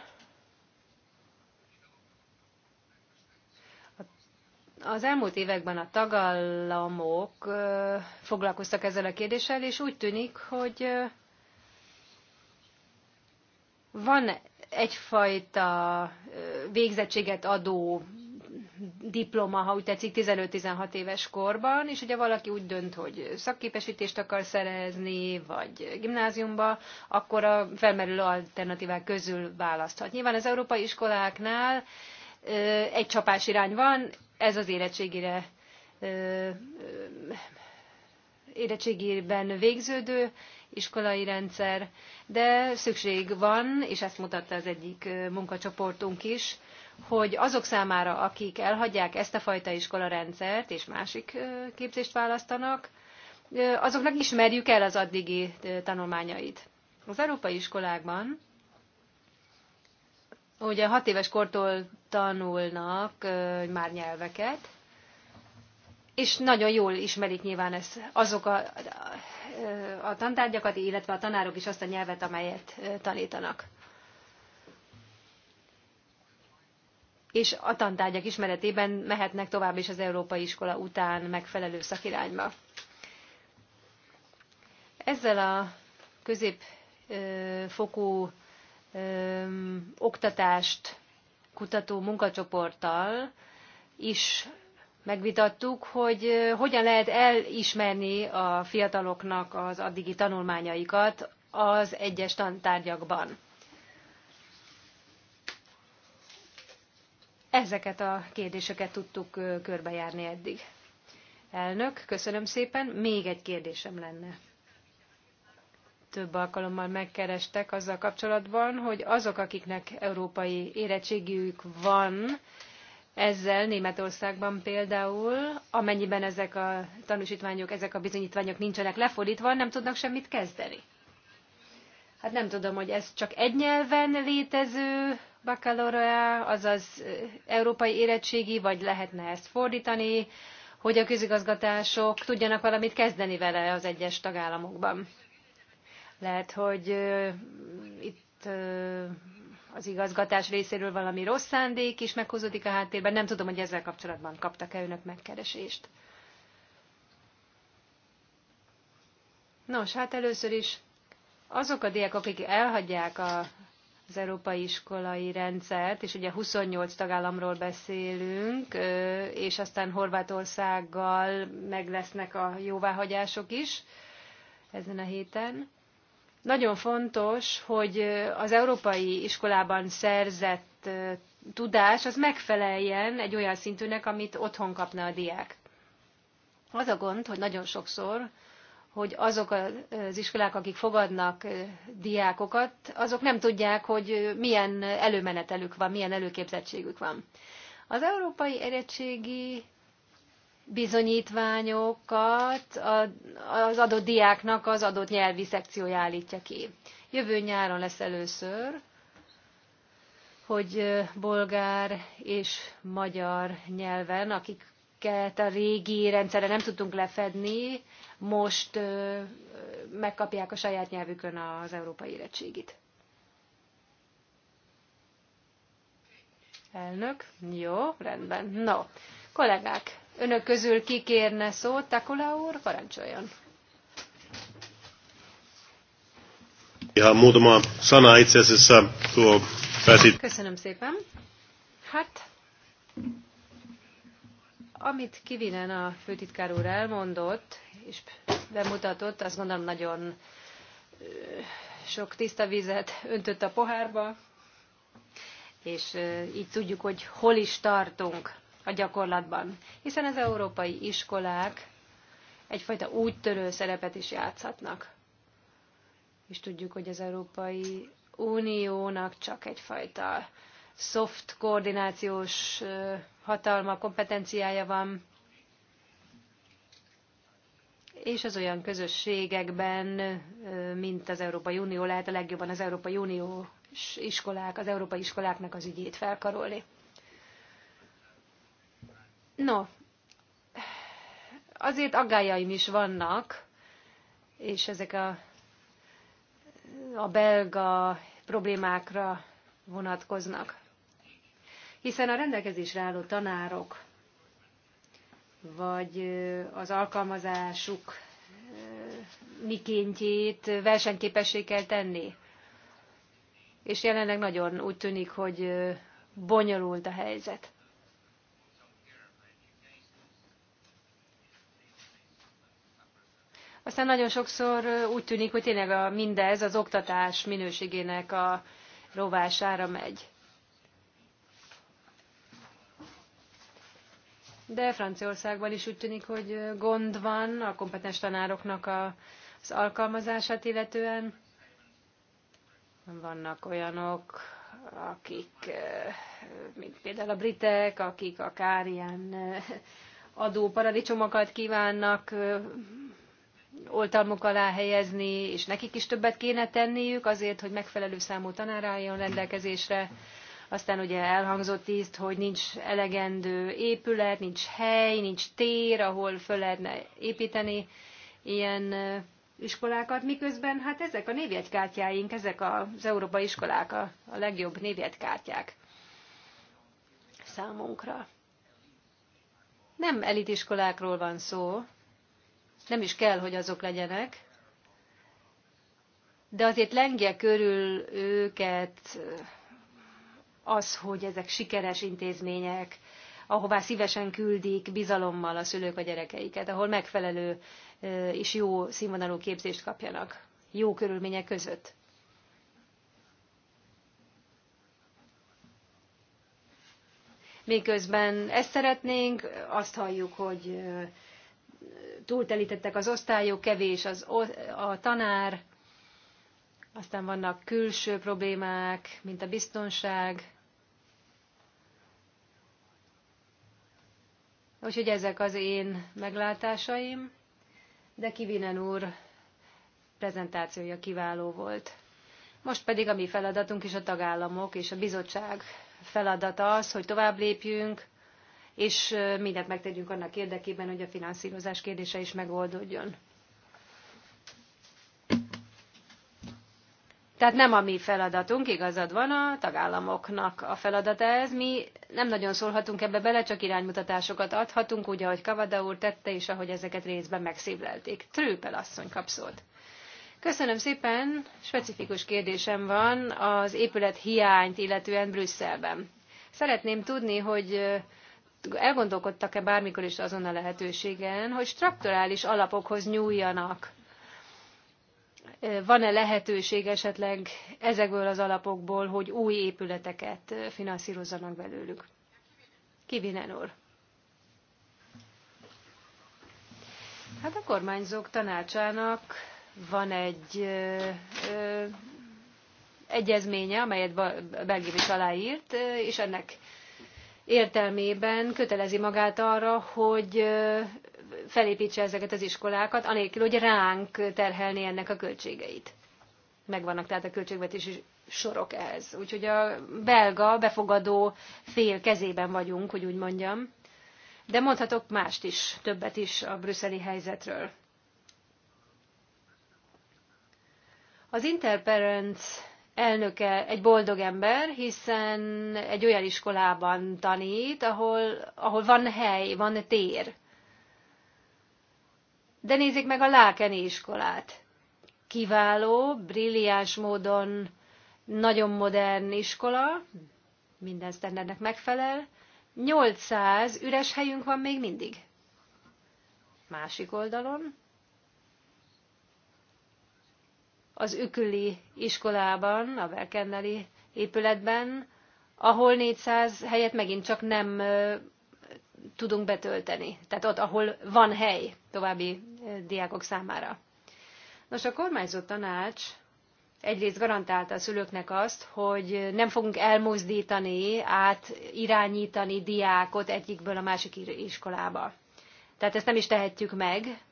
Az elmúlt években a tagállamok foglalkoztak ezzel a kérdéssel, és úgy tűnik, hogy van egyfajta végzettséget adó diploma, ha úgy tetszik, 15-16 éves korban, és ugye valaki úgy dönt, hogy szakképesítést akar szerezni, vagy gimnáziumba, akkor a felmerülő alternatívák közül választhat. Nyilván az európai iskoláknál egy csapás irány van, ez az érettségire érettségében végződő iskolai rendszer, de szükség van, és ezt mutatta az egyik munkacsoportunk is, hogy azok számára, akik elhagyják ezt a fajta iskolarendszert, és másik képzést választanak, azoknak ismerjük el az addigi tanulmányait. Az európai iskolákban ugye hat éves kortól tanulnak már nyelveket, és nagyon jól ismerik nyilván ez, azok a, a, a tantárgyakat, illetve a tanárok is azt a nyelvet, amelyet tanítanak. És a tantárgyak ismeretében mehetnek tovább is az európai iskola után megfelelő szakirányba. Ezzel a középfokú oktatást kutató munkacsoporttal is megvitattuk, hogy hogyan lehet elismerni a fiataloknak az addigi tanulmányaikat az egyes tantárgyakban. Ezeket a kérdéseket tudtuk körbejárni eddig. Elnök, köszönöm szépen. Még egy kérdésem lenne. Több alkalommal megkerestek azzal kapcsolatban, hogy azok, akiknek európai érettségük van, ezzel Németországban például, amennyiben ezek a tanúsítványok, ezek a bizonyítványok nincsenek lefordítva, nem tudnak semmit kezdeni. Hát nem tudom, hogy ez csak egy nyelven létező baccalaureá, azaz európai érettségi, vagy lehetne ezt fordítani, hogy a közigazgatások tudjanak valamit kezdeni vele az egyes tagállamokban. Lehet, hogy itt az igazgatás részéről valami rossz szándék is meghozódik a háttérben. Nem tudom, hogy ezzel kapcsolatban kaptak-e önök megkeresést. Nos, hát először is azok a diák, akik elhagyják a, az európai iskolai rendszert, és ugye 28 tagállamról beszélünk, és aztán Horvátországgal meg lesznek a jóváhagyások is ezen a héten. Nagyon fontos, hogy az európai iskolában szerzett tudás az megfeleljen egy olyan szintűnek, amit otthon kapna a diák. Az a gond, hogy nagyon sokszor, hogy azok az iskolák, akik fogadnak diákokat, azok nem tudják, hogy milyen előmenetelük van, milyen előképzettségük van. Az európai érettségi bizonyítványokat az adott diáknak az adott nyelvi szekciója állítja ki. Jövő nyáron lesz először, hogy bolgár és magyar nyelven, akiket a régi rendszerre nem tudtunk lefedni, most megkapják a saját nyelvükön az európai érettségit. Elnök? Jó, rendben. No, kollégák, önök közül ki kérne szót, Takula úr, parancsoljon.
Ja, muutama sana itse
Köszönöm szépen. Hát, amit Kivinen a főtitkár úr elmondott, és bemutatott, azt gondolom nagyon sok tiszta vizet öntött a pohárba, és így tudjuk, hogy hol is tartunk a gyakorlatban, hiszen az európai iskolák egyfajta úttörő szerepet is játszhatnak. És tudjuk, hogy az Európai Uniónak csak egyfajta soft koordinációs hatalma, kompetenciája van, és az olyan közösségekben, mint az Európai Unió, lehet a legjobban az Európai Unió iskolák, az európai iskoláknak az ügyét felkarolni. No, azért aggájaim is vannak, és ezek a, a belga problémákra vonatkoznak. Hiszen a rendelkezésre álló tanárok, vagy az alkalmazásuk mikéntjét versenyképessé kell tenni. És jelenleg nagyon úgy tűnik, hogy bonyolult a helyzet. Aztán nagyon sokszor úgy tűnik, hogy tényleg a, mindez az oktatás minőségének a rovására megy. De Franciaországban is úgy tűnik, hogy gond van a kompetens tanároknak a, az alkalmazását illetően. Vannak olyanok, akik, mint például a britek, akik akár ilyen adóparadicsomokat kívánnak oltalmuk alá helyezni, és nekik is többet kéne tenniük azért, hogy megfelelő számú tanár álljon rendelkezésre. Aztán ugye elhangzott ízt, hogy nincs elegendő épület, nincs hely, nincs tér, ahol föl lehetne építeni ilyen iskolákat, miközben hát ezek a névjegykártyáink, ezek az európai iskolák a, a legjobb névjegykártyák számunkra. Nem elitiskolákról van szó, nem is kell, hogy azok legyenek, de azért lengje körül őket az, hogy ezek sikeres intézmények, ahová szívesen küldik bizalommal a szülők a gyerekeiket, ahol megfelelő és jó színvonalú képzést kapjanak, jó körülmények között. Miközben ezt szeretnénk, azt halljuk, hogy túltelítettek az osztályok, kevés az, a tanár, aztán vannak külső problémák, mint a biztonság. Úgyhogy ezek az én meglátásaim, de Kivinen úr prezentációja kiváló volt. Most pedig a mi feladatunk és a tagállamok és a bizottság feladata az, hogy tovább lépjünk, és mindent megtegyünk annak érdekében, hogy a finanszírozás kérdése is megoldódjon. Tehát nem a mi feladatunk, igazad van, a tagállamoknak a feladata ez. Mi nem nagyon szólhatunk ebbe bele, csak iránymutatásokat adhatunk, úgy, ahogy Kavada úr tette, és ahogy ezeket részben megszívlelték. Trőpel asszony kapszót. Köszönöm szépen, specifikus kérdésem van az épület hiányt, illetően Brüsszelben. Szeretném tudni, hogy elgondolkodtak-e bármikor is azon a lehetőségen, hogy strukturális alapokhoz nyúljanak? Van-e lehetőség esetleg ezekből az alapokból, hogy új épületeket finanszírozzanak belőlük? Kivinen úr. Hát a kormányzók tanácsának van egy ö, ö, egyezménye, amelyet Belgium is aláírt, és ennek értelmében kötelezi magát arra, hogy felépítse ezeket az iskolákat, anélkül, hogy ránk terhelni ennek a költségeit. Megvannak tehát a költségvetési sorok ehhez. Úgyhogy a belga befogadó fél kezében vagyunk, hogy úgy mondjam. De mondhatok mást is, többet is a brüsszeli helyzetről. Az Interparents elnöke egy boldog ember, hiszen egy olyan iskolában tanít, ahol, ahol van hely, van tér. De nézzék meg a Lákeni iskolát. Kiváló, brilliáns módon nagyon modern iskola, minden sztendernek megfelel. 800 üres helyünk van még mindig. Másik oldalon az Ököli iskolában, a Verkenneli épületben, ahol 400 helyet megint csak nem tudunk betölteni. Tehát ott, ahol van hely további diákok számára. Nos, a kormányzó tanács egyrészt garantálta a szülőknek azt, hogy nem fogunk elmozdítani, átirányítani diákot egyikből a másik iskolába. Tehát ezt nem is tehetjük meg,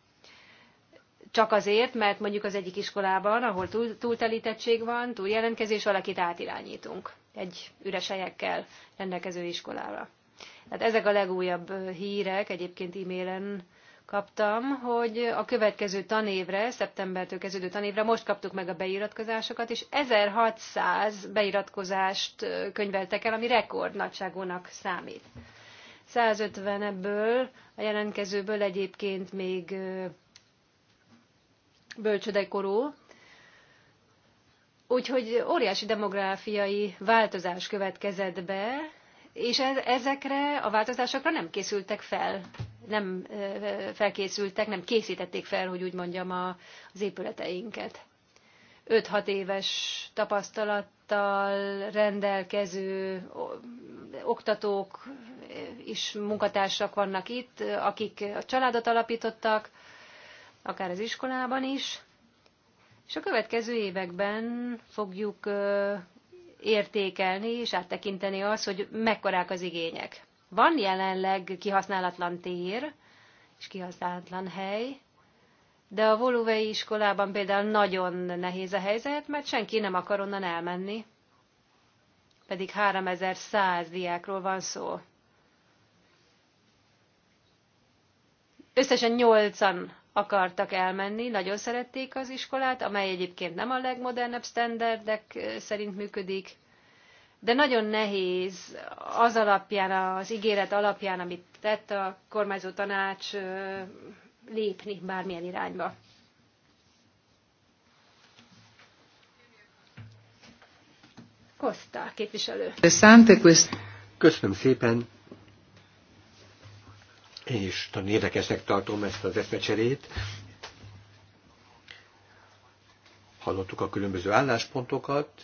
csak azért, mert mondjuk az egyik iskolában, ahol túl, túltelítettség van, túljelentkezés, valakit átirányítunk egy üres helyekkel rendelkező iskolára. Tehát ezek a legújabb hírek, egyébként e-mailen kaptam, hogy a következő tanévre, szeptembertől kezdődő tanévre most kaptuk meg a beiratkozásokat, és 1600 beiratkozást könyveltek el, ami rekordnagyságúnak számít. 150 ebből a jelentkezőből egyébként még bölcsödekorú, úgyhogy óriási demográfiai változás következett be, és e- ezekre a változásokra nem készültek fel, nem felkészültek, nem készítették fel, hogy úgy mondjam, az épületeinket. 5-6 éves tapasztalattal rendelkező oktatók és munkatársak vannak itt, akik a családot alapítottak, akár az iskolában is, és a következő években fogjuk értékelni és áttekinteni azt, hogy mekkorák az igények. Van jelenleg kihasználatlan tér és kihasználatlan hely, de a Voluvei iskolában például nagyon nehéz a helyzet, mert senki nem akar onnan elmenni. Pedig 3100 diákról van szó. Összesen nyolcan akartak elmenni, nagyon szerették az iskolát, amely egyébként nem a legmodernebb standardek szerint működik, de nagyon nehéz az alapján, az ígéret alapján, amit tett a kormányzó tanács lépni bármilyen irányba. Costa képviselő.
Köszönöm szépen is nagyon érdekesnek tartom ezt az eszmecserét. Hallottuk a különböző álláspontokat,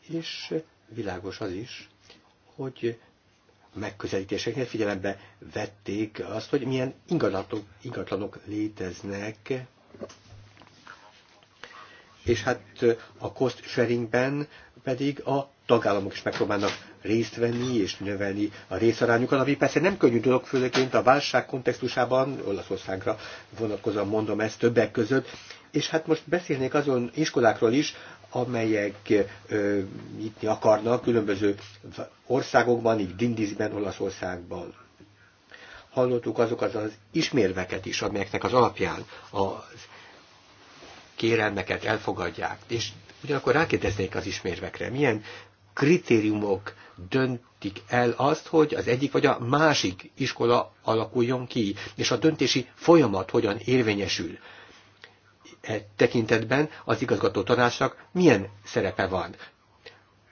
és világos az is, hogy megközelítéseknél figyelembe vették azt, hogy milyen ingatlanok, ingatlanok léteznek, és hát a cost sharingben pedig a tagállamok is megpróbálnak részt venni és növelni a részarányukat, ami persze nem könnyű dolog, főleként a válság kontextusában, Olaszországra vonatkozóan mondom ezt többek között, és hát most beszélnék azon iskolákról is, amelyek ö, nyitni akarnak különböző országokban, így Dindizben, Olaszországban. Hallottuk azok az ismérveket is, amelyeknek az alapján az kérelmeket elfogadják, és ugyanakkor rákérdeznék az ismérvekre, milyen kritériumok döntik el azt, hogy az egyik vagy a másik iskola alakuljon ki, és a döntési folyamat hogyan érvényesül. E tekintetben az igazgató tanácsnak milyen szerepe van?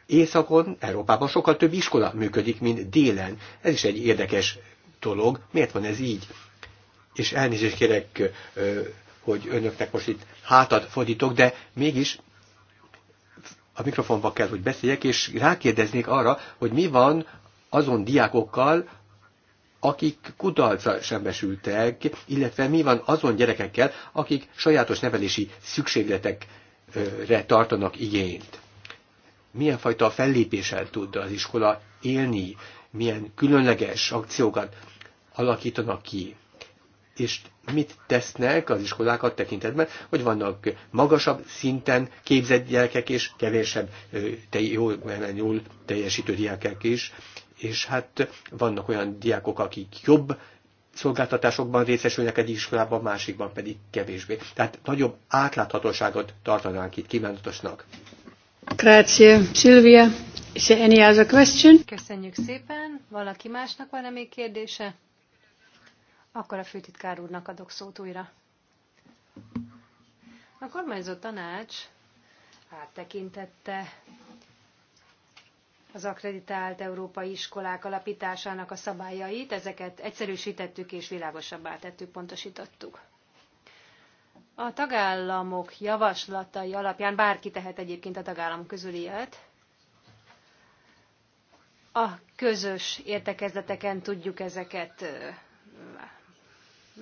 Északon, Európában sokkal több iskola működik, mint délen. Ez is egy érdekes dolog. Miért van ez így? És elnézést kérek, hogy önöknek most itt hátat fordítok, de mégis a mikrofonba kell, hogy beszéljek, és rákérdeznék arra, hogy mi van azon diákokkal, akik kudarca sembesültek, illetve mi van azon gyerekekkel, akik sajátos nevelési szükségletekre tartanak igényt. Milyen fajta fellépéssel tud az iskola élni, milyen különleges akciókat alakítanak ki és mit tesznek az iskolákat tekintetben, hogy vannak magasabb szinten képzett gyerekek és kevésebb te, jól, jól teljesítő diákek is, és hát vannak olyan diákok, akik jobb szolgáltatásokban részesülnek egy iskolában, másikban pedig kevésbé. Tehát nagyobb átláthatóságot tartanánk itt kívánatosnak.
Grazie, Silvia. Is there any other question? Köszönjük szépen. Valaki másnak van-e még kérdése? Akkor a főtitkár úrnak adok szót újra. A kormányzó tanács áttekintette az akreditált európai iskolák alapításának a szabályait, ezeket egyszerűsítettük és világosabbá tettük, pontosítottuk. A tagállamok javaslatai alapján bárki tehet egyébként a tagállam közül ilyet. A közös értekezleteken tudjuk ezeket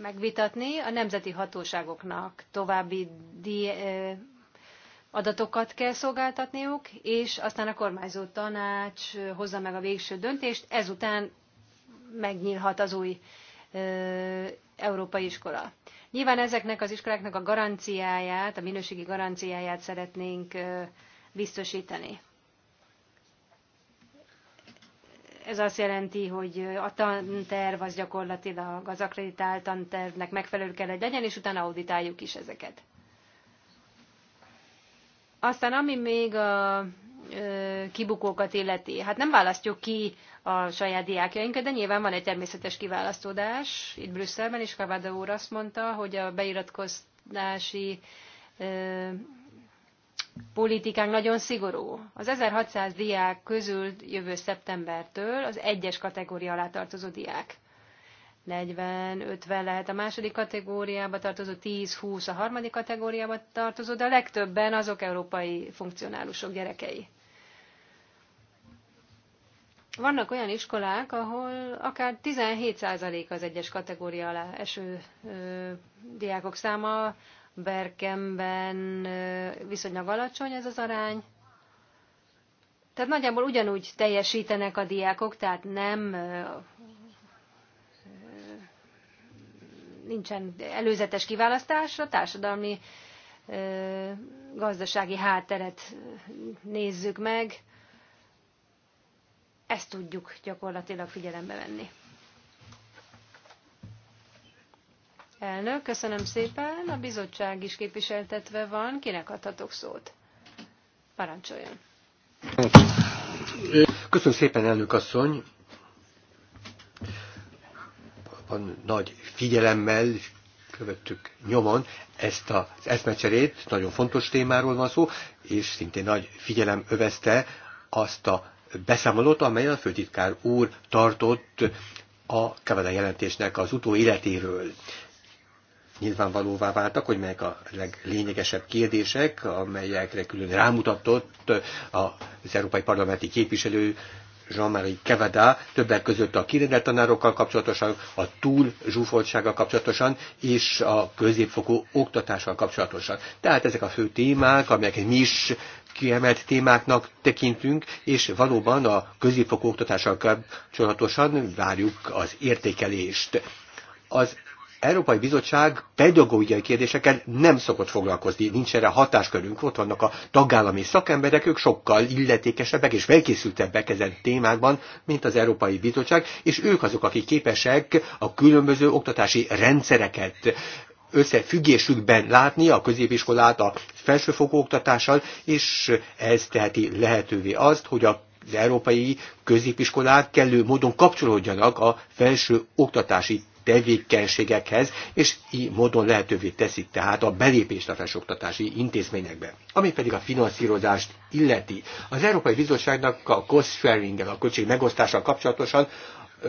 megvitatni. A nemzeti hatóságoknak további adatokat kell szolgáltatniuk, és aztán a kormányzó tanács hozza meg a végső döntést, ezután megnyílhat az új európai iskola. Nyilván ezeknek az iskoláknak a garanciáját, a minőségi garanciáját szeretnénk biztosítani. Ez azt jelenti, hogy a tanterv az gyakorlatilag az akreditált tantervnek megfelelő kell, hogy legyen, és utána auditáljuk is ezeket. Aztán ami még a kibukókat illeti, hát nem választjuk ki a saját diákjainkat, de nyilván van egy természetes kiválasztódás itt Brüsszelben, és Kavada úr azt mondta, hogy a beiratkozási politikánk nagyon szigorú. Az 1600 diák közül jövő szeptembertől az egyes kategória alá tartozó diák. 40-50 lehet a második kategóriába tartozó, 10-20 a harmadik kategóriába tartozó, de a legtöbben azok európai funkcionálusok gyerekei. Vannak olyan iskolák, ahol akár 17% az egyes kategória alá eső ö, diákok száma, Berkemben viszonylag alacsony ez az arány. Tehát nagyjából ugyanúgy teljesítenek a diákok, tehát nem nincsen előzetes kiválasztás, a társadalmi gazdasági hátteret nézzük meg, ezt tudjuk gyakorlatilag figyelembe venni. Elnök, köszönöm szépen. A bizottság is képviseltetve van. Kinek adhatok szót? Parancsoljon.
Köszönöm szépen, elnök asszony. Van nagy figyelemmel követtük nyomon ezt az eszmecserét, nagyon fontos témáról van szó, és szintén nagy figyelem övezte azt a beszámolót, amely a főtitkár úr tartott a Kavada jelentésnek az utóéletéről nyilvánvalóvá váltak, hogy melyek a leglényegesebb kérdések, amelyekre külön rámutatott az Európai Parlamenti képviselő Jean-Marie Kevada, többek között a kirendelt tanárokkal kapcsolatosan, a túl zsúfoltsággal kapcsolatosan és a középfokú oktatással kapcsolatosan. Tehát ezek a fő témák, amelyeket mi is kiemelt témáknak tekintünk, és valóban a középfokú oktatással kapcsolatosan várjuk az értékelést. Az Európai Bizottság pedagógiai kérdésekkel nem szokott foglalkozni, nincs erre hatáskörünk, ott vannak a tagállami szakemberek, ők sokkal illetékesebbek és felkészültebbek ezen témákban, mint az Európai Bizottság, és ők azok, akik képesek a különböző oktatási rendszereket összefüggésükben látni a középiskolát a felsőfokú oktatással, és ez teheti lehetővé azt, hogy a az európai középiskolák kellő módon kapcsolódjanak a felső oktatási tevékenységekhez, és így módon lehetővé teszik tehát a belépést a felsőoktatási intézményekbe. Ami pedig a finanszírozást illeti, az Európai Bizottságnak a cost sharing a költség megosztással kapcsolatosan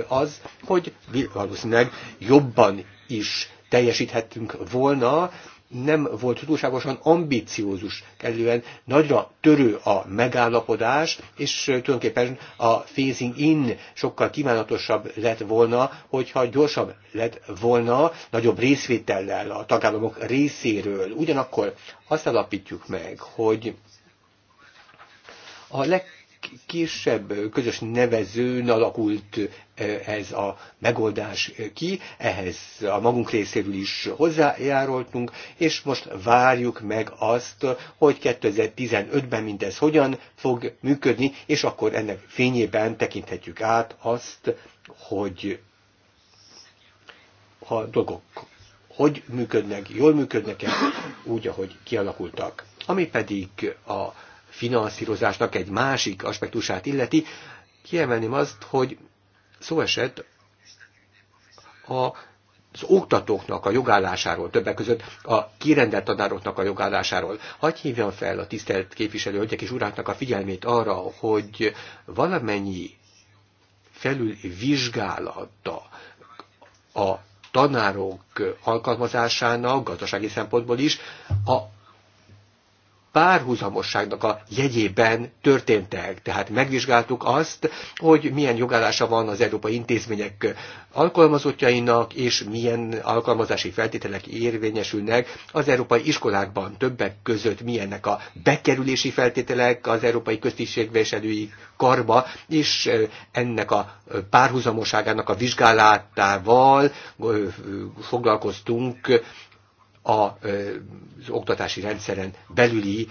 az, hogy valószínűleg jobban is teljesíthetünk volna, nem volt túlságosan ambiciózus, kellően nagyra törő a megállapodás, és tulajdonképpen a phasing in sokkal kívánatosabb lett volna, hogyha gyorsabb lett volna, nagyobb részvétellel a tagállamok részéről. Ugyanakkor azt alapítjuk meg, hogy a leg kisebb közös nevezőn alakult e, ez a megoldás ki, ehhez a magunk részéről is hozzájárultunk, és most várjuk meg azt, hogy 2015-ben mindez hogyan fog működni, és akkor ennek fényében tekinthetjük át azt, hogy ha dolgok hogy működnek, jól működnek-e, úgy, ahogy kialakultak. Ami pedig a finanszírozásnak egy másik aspektusát illeti, kiemelném azt, hogy szó esett a az oktatóknak a jogállásáról, többek között a kirendelt tanároknak a jogállásáról. Hagy hívjam fel a tisztelt képviselő hölgyek és uráknak a figyelmét arra, hogy valamennyi felülvizsgálata a tanárok alkalmazásának, gazdasági szempontból is, a párhuzamosságnak a jegyében történtek. Tehát megvizsgáltuk azt, hogy milyen jogállása van az európai intézmények alkalmazottjainak, és milyen alkalmazási feltételek érvényesülnek az európai iskolákban többek között, milyennek a bekerülési feltételek az európai köztisztségviselői karba, és ennek a párhuzamoságának a vizsgálatával foglalkoztunk az oktatási rendszeren belüli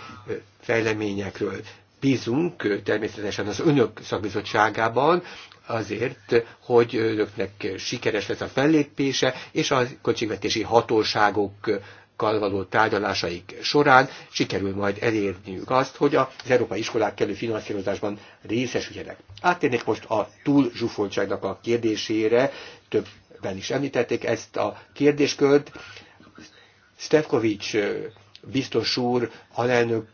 fejleményekről. Bízunk természetesen az önök szakbizottságában, azért, hogy önöknek sikeres lesz a fellépése, és a költségvetési hatóságok kal való tárgyalásaik során sikerül majd elérniük azt, hogy az európai iskolák kellő finanszírozásban részesüljenek. Áttérnék most a túl zsúfoltságnak a kérdésére, többen is említették ezt a kérdéskört. Stefkovics biztos úr, alelnök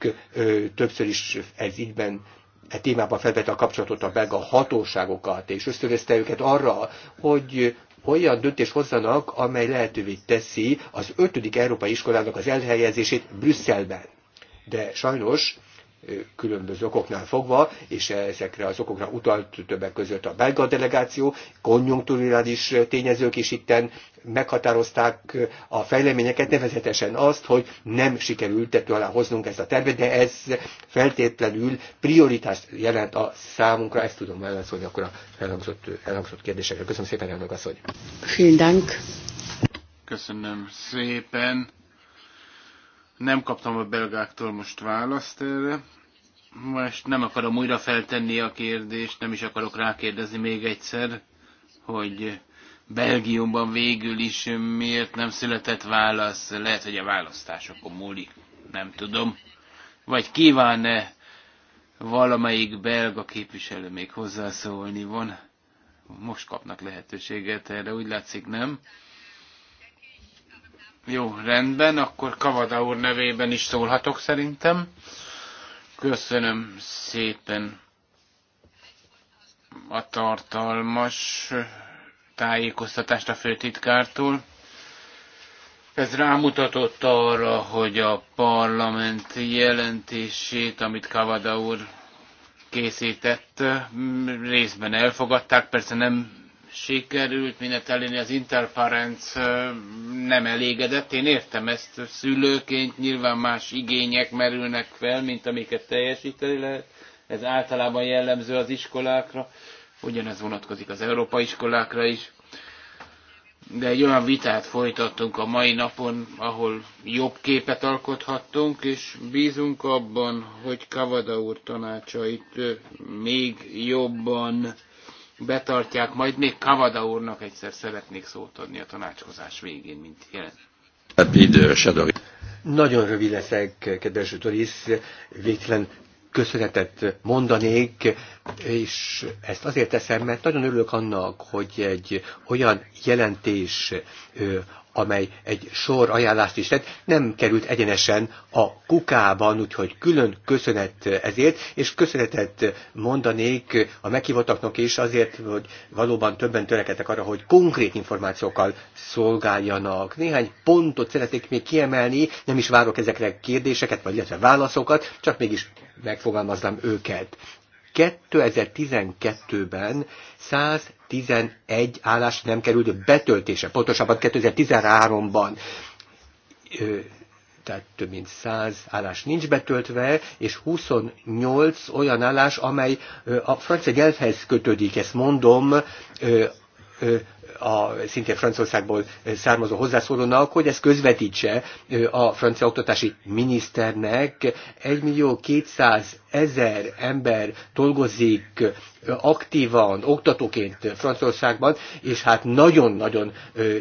többször is ez ígyben e témában felvette a kapcsolatot a belga hatóságokat, és összevezte őket arra, hogy olyan döntés hozzanak, amely lehetővé teszi az ötödik európai iskolának az elhelyezését Brüsszelben. De sajnos különböző okoknál fogva, és ezekre az okokra utalt többek között a belga delegáció, konjunkturális tényezők is itten meghatározták a fejleményeket, nevezetesen azt, hogy nem sikerült tető alá hoznunk ezt a tervet, de ez feltétlenül prioritást jelent a számunkra, ezt tudom válaszolni akkor a elhangzott, elhangzott kérdésekre. Köszönöm szépen, elnök asszony!
Köszönöm szépen! Nem kaptam a belgáktól most választ erre. Most nem akarom újra feltenni a kérdést, nem is akarok rákérdezni még egyszer, hogy Belgiumban végül is miért nem született válasz. Lehet, hogy a választásokon múlik, nem tudom. Vagy kíván-e valamelyik belga képviselő még hozzászólni van? Most kapnak lehetőséget erre, úgy látszik nem. Jó, rendben, akkor Kavada úr nevében is szólhatok szerintem. Köszönöm szépen a tartalmas tájékoztatást a főtitkártól. Ez rámutatott arra, hogy a parlament jelentését, amit Kavada úr készített, részben elfogadták, persze nem sikerült mindent elérni, az interferenc nem elégedett. Én értem ezt szülőként, nyilván más igények merülnek fel, mint amiket teljesíteni lehet. Ez általában jellemző az iskolákra, ugyanez vonatkozik az európai iskolákra is. De egy olyan vitát folytattunk a mai napon, ahol jobb képet alkothattunk, és bízunk abban, hogy Kavada úr tanácsait még jobban betartják, majd még Kavada úrnak egyszer szeretnék szót adni a tanácskozás végén, mint
jelen. Nagyon rövid leszek, kedves Doris, végtelen köszönetet mondanék, és ezt azért teszem, mert nagyon örülök annak, hogy egy olyan jelentés amely egy sor ajánlást is tett, nem került egyenesen a kukában, úgyhogy külön köszönet ezért, és köszönetet mondanék a meghívottaknak is azért, hogy valóban többen törekedtek arra, hogy konkrét információkkal szolgáljanak. Néhány pontot szeretnék még kiemelni, nem is várok ezekre kérdéseket, vagy illetve válaszokat, csak mégis megfogalmaznám őket. 2012-ben 100 11 állás nem került betöltése, pontosabban 2013-ban tehát több mint 100 állás nincs betöltve, és 28 olyan állás, amely a francia nyelvhez kötődik, ezt mondom, a szintén Franciaországból származó hozzászólónak, hogy ezt közvetítse a francia oktatási miniszternek. 1 millió 200 ezer ember dolgozik aktívan, oktatóként Franciaországban, és hát nagyon-nagyon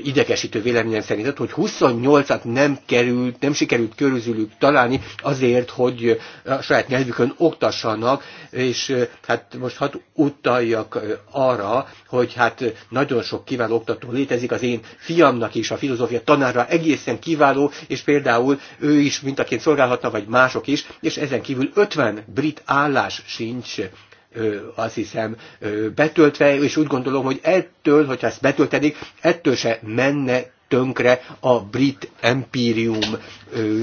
idegesítő véleményem szerint, hogy 28-at nem került, nem sikerült körülülük találni azért, hogy a saját nyelvükön oktassanak, és hát most hát utaljak arra, hogy hát nagyon sok kiváló oktató létezik, az én fiamnak is, a filozófia tanára egészen kiváló, és például ő is mintaként szolgálhatna, vagy mások is, és ezen kívül 50 brit állás sincs azt hiszem betöltve, és úgy gondolom, hogy ettől, hogyha ezt betöltedik ettől se menne tönkre a brit empírium.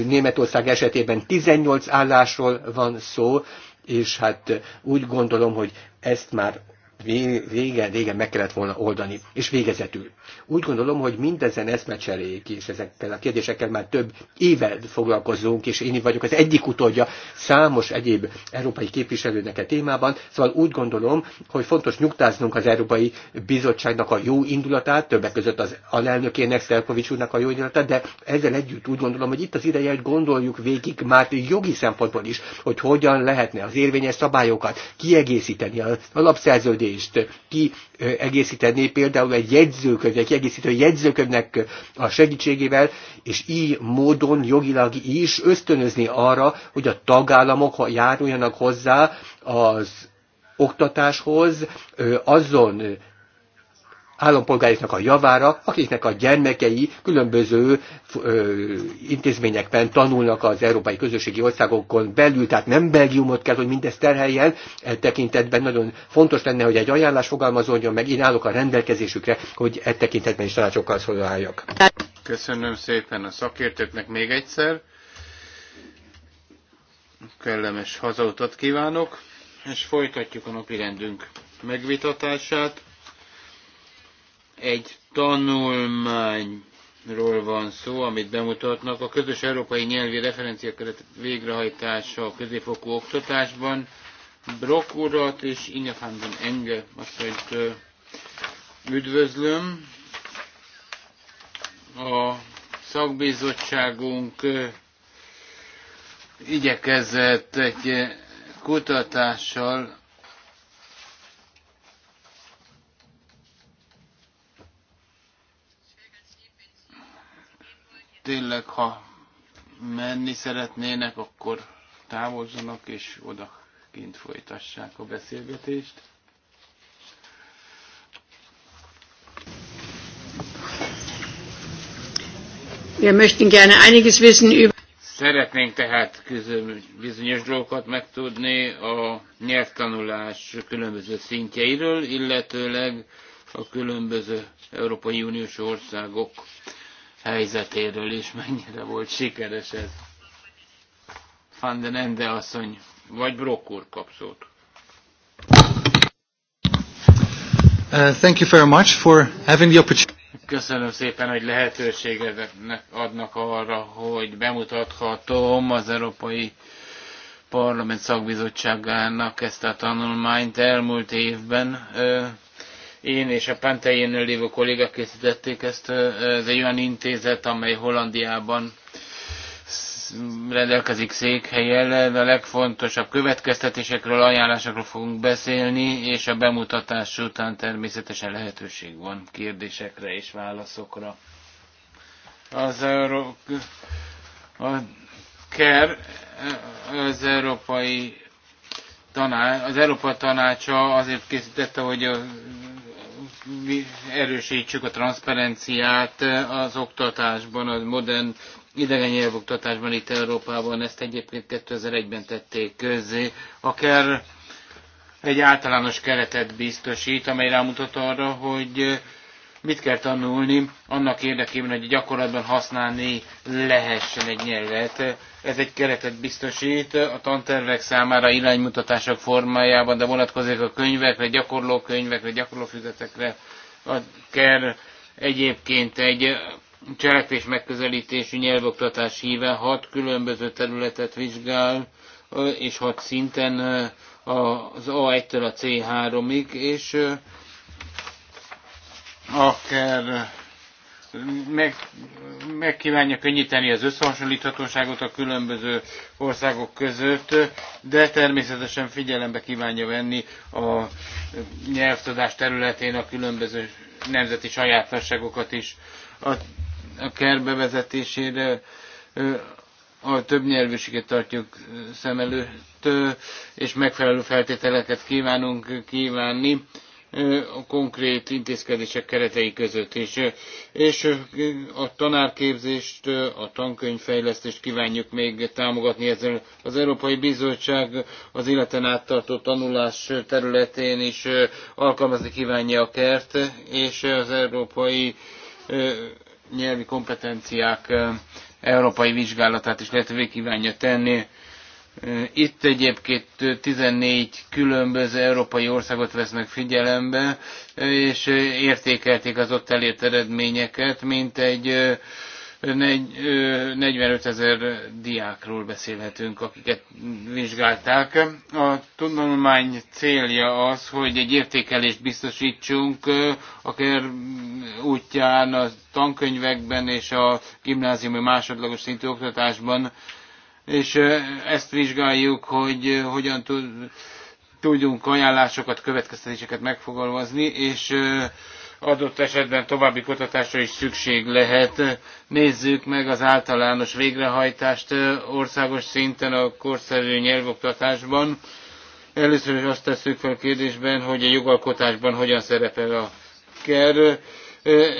Németország esetében 18 állásról van szó, és hát úgy gondolom, hogy ezt már vége, régen meg kellett volna oldani. És végezetül. Úgy gondolom, hogy mindezen eszmecserék és ezekkel a kérdésekkel már több éve foglalkozunk, és én vagyok az egyik utódja számos egyéb európai képviselőnek a témában, szóval úgy gondolom, hogy fontos nyugtáznunk az Európai Bizottságnak a jó indulatát, többek között az alelnökének, Szelkovics úrnak a jó indulatát, de ezzel együtt úgy gondolom, hogy itt az ideje, hogy gondoljuk végig már jogi szempontból is, hogy hogyan lehetne az érvényes szabályokat kiegészíteni az alapszerződés jelentést ki egészíteni, például egy jegyzőkönyv, egy egészítő jegyzőkönyvnek a segítségével, és így módon jogilag is ösztönözni arra, hogy a tagállamok járuljanak hozzá az oktatáshoz azon állampolgáriknak a javára, akiknek a gyermekei különböző ö, intézményekben tanulnak az európai közösségi országokon belül, tehát nem Belgiumot kell, hogy mindezt terheljen. E tekintetben nagyon fontos lenne, hogy egy ajánlás fogalmazódjon meg, én állok a rendelkezésükre, hogy e tekintetben is tanácsokkal szolgáljak.
Köszönöm szépen a szakértőknek még egyszer. Kellemes hazautat kívánok, és folytatjuk a napirendünk megvitatását. Egy tanulmányról van szó, amit bemutatnak. A közös európai nyelvi referenciakeret végrehajtása a középfokú oktatásban. Brock urat és Inge van den Enge asszonyt üdvözlöm. A szakbizottságunk igyekezett egy kutatással tényleg, ha menni szeretnének, akkor távozzanak és oda kint folytassák a beszélgetést.
Wir möchten gerne einiges wissen über
Szeretnénk tehát bizonyos dolgokat megtudni a nyelvtanulás különböző szintjeiről, illetőleg a különböző Európai Uniós országok helyzetéről is, mennyire volt sikeres ez. Van den Ende asszony, vagy Brock úr kap szót. Uh, thank you very much for having the opportunity. Köszönöm szépen, hogy lehetőséget adnak arra, hogy bemutathatom az Európai Parlament Szakbizottságának ezt a tanulmányt elmúlt évben. Uh, én és a Panteinél lévő kollégák készítették ezt. Ez egy olyan intézet, amely Hollandiában rendelkezik székhelyel, a legfontosabb következtetésekről, ajánlásokról fogunk beszélni, és a bemutatás után természetesen lehetőség van kérdésekre és válaszokra. Az Euró... a KER, az Európai Tanács, az Európa Tanácsa azért készítette, hogy a erősítsük a transzparenciát eh, az oktatásban, a modern idegen nyelvoktatásban itt Európában. Ezt egyébként 2001-ben tették közzé. Akár egy általános keretet biztosít, amely rámutat arra, hogy eh, mit kell tanulni annak érdekében, hogy gyakorlatban használni lehessen egy nyelvet. Ez egy keretet biztosít a tantervek számára iránymutatások formájában, de vonatkozik a könyvekre, gyakorló könyvekre, gyakorló füzetekre. A kell egyébként egy cselekvés megközelítésű nyelvoktatás híve hat különböző területet vizsgál, és hat szinten az A1-től a C3-ig, és a ker meg, meg kívánja könnyíteni az összehasonlíthatóságot a különböző országok között, de természetesen figyelembe kívánja venni a nyelvtudás területén a különböző nemzeti sajátosságokat is. A, a KER bevezetésére a többnyelvűséget tartjuk szem előtt, és megfelelő feltételeket kívánunk kívánni a konkrét intézkedések keretei között is. És a tanárképzést, a tankönyvfejlesztést kívánjuk még támogatni ezzel. Az Európai Bizottság az életen áttartó tanulás területén is alkalmazni kívánja a kert, és az európai nyelvi kompetenciák európai vizsgálatát is lehetővé kívánja tenni itt egyébként 14 különböző európai országot vesznek figyelembe, és értékelték az ott elért eredményeket, mint egy 45 ezer diákról beszélhetünk, akiket vizsgálták. A tanulmány célja az, hogy egy értékelést biztosítsunk, akár útján a tankönyvekben és a gimnáziumi másodlagos szintű oktatásban, és ezt vizsgáljuk, hogy hogyan tud, tudjunk ajánlásokat, következtetéseket megfogalmazni, és adott esetben további kutatásra is szükség lehet. Nézzük meg az általános végrehajtást országos szinten a korszerű nyelvoktatásban. Először is azt tesszük fel kérdésben, hogy a jogalkotásban hogyan szerepel a KER,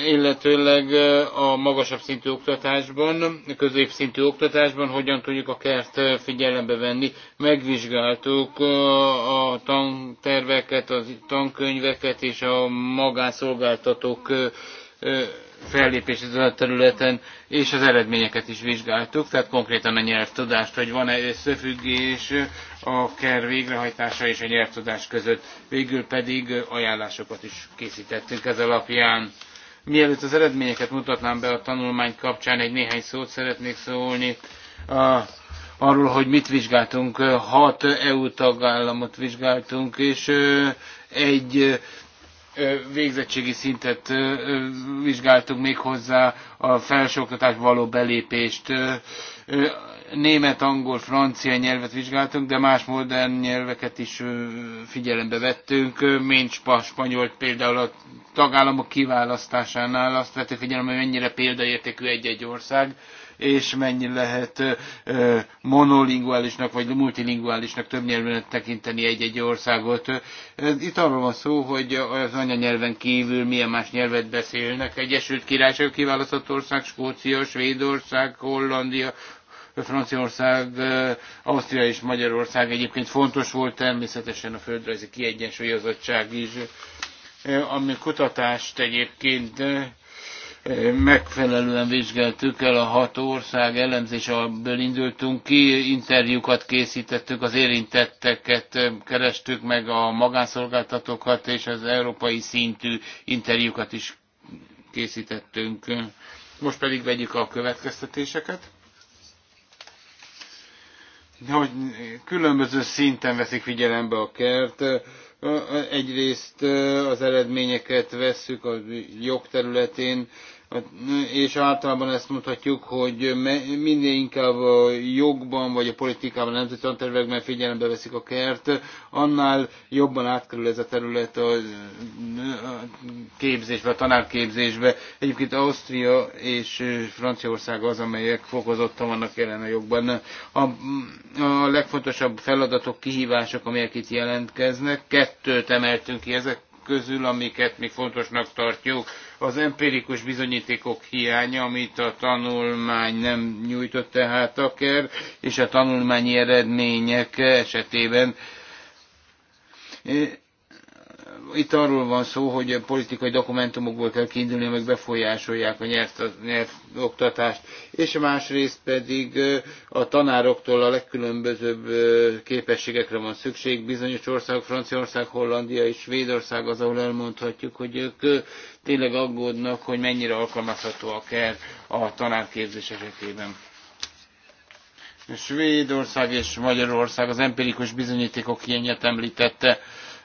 illetőleg a magasabb szintű oktatásban, középszintű oktatásban hogyan tudjuk a kert figyelembe venni. Megvizsgáltuk a tanterveket, a tankönyveket és a magánszolgáltatók fellépését a területen, és az eredményeket is vizsgáltuk, tehát konkrétan a nyelvtudást, hogy van-e összefüggés a KER végrehajtása és a nyelvtudás között. Végül pedig ajánlásokat is készítettünk ez alapján. Mielőtt az eredményeket mutatnám be a tanulmány kapcsán, egy néhány szót szeretnék szólni a, arról, hogy mit vizsgáltunk. Hat EU tagállamot vizsgáltunk, és egy végzettségi szintet vizsgáltunk még hozzá a felsőoktatás való belépést német, angol, francia nyelvet vizsgáltunk, de más modern nyelveket is figyelembe vettünk. Spa, spanyolt például a tagállamok kiválasztásánál azt vettük figyelembe, hogy mennyire példaértékű egy-egy ország, és mennyi lehet monolinguálisnak vagy multilinguálisnak több nyelven tekinteni egy-egy országot. Itt arról van szó, hogy az anyanyelven kívül milyen más nyelvet beszélnek. Egyesült Királyság kiválasztott ország, Skócia, Svédország, Hollandia, Franciaország, Ausztria és Magyarország egyébként fontos volt természetesen a földrajzi kiegyensúlyozottság is. Ami kutatást egyébként megfelelően vizsgáltuk el a hat ország abból indultunk ki, interjúkat készítettük, az érintetteket kerestük meg a magánszolgáltatókat, és az európai szintű interjúkat is készítettünk. Most pedig vegyük a következtetéseket hogy különböző szinten veszik figyelembe a kert. Egyrészt az eredményeket vesszük a jogterületén, és általában ezt mondhatjuk, hogy minél inkább a jogban vagy a politikában, a nemzeti tantervekben figyelembe veszik a kert, annál jobban átkerül ez a terület a képzésbe, a tanárképzésbe. Egyébként Ausztria és Franciaország az, amelyek fokozottan vannak jelen a jogban. A, a legfontosabb feladatok, kihívások, amelyek itt jelentkeznek, kettőt emeltünk ki ezek közül, amiket mi fontosnak tartjuk. Az empirikus bizonyítékok hiánya, amit a tanulmány nem nyújtott tehát ker, és a tanulmányi eredmények esetében itt arról van szó, hogy politikai dokumentumokból kell kiindulni, amelyek befolyásolják a nyert, nyert oktatást, és másrészt pedig a tanároktól a legkülönbözőbb képességekre van szükség. Bizonyos ország, Franciaország, Hollandia és Svédország az, ahol elmondhatjuk, hogy ők tényleg aggódnak, hogy mennyire alkalmazhatóak el a tanárképzés esetében. Svédország és Magyarország az empirikus bizonyítékok hiányát említette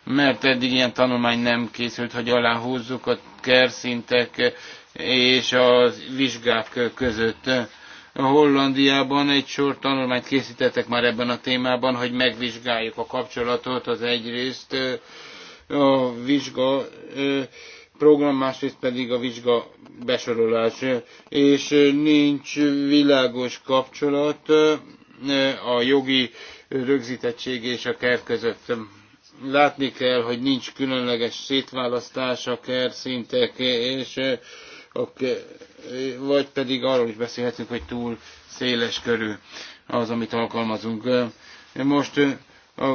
mert eddig ilyen tanulmány nem készült, hogy aláhúzzuk a kerszintek és a vizsgák között. Hollandiában egy sor tanulmányt készítettek már ebben a témában, hogy megvizsgáljuk a kapcsolatot az egyrészt a vizsga program, másrészt pedig a vizsga besorolás. És nincs világos kapcsolat a jogi rögzítettség és a kert között látni kell, hogy nincs különleges szétválasztás a kerszintek, és vagy pedig arról is beszélhetünk, hogy túl széles körű az, amit alkalmazunk. Most a,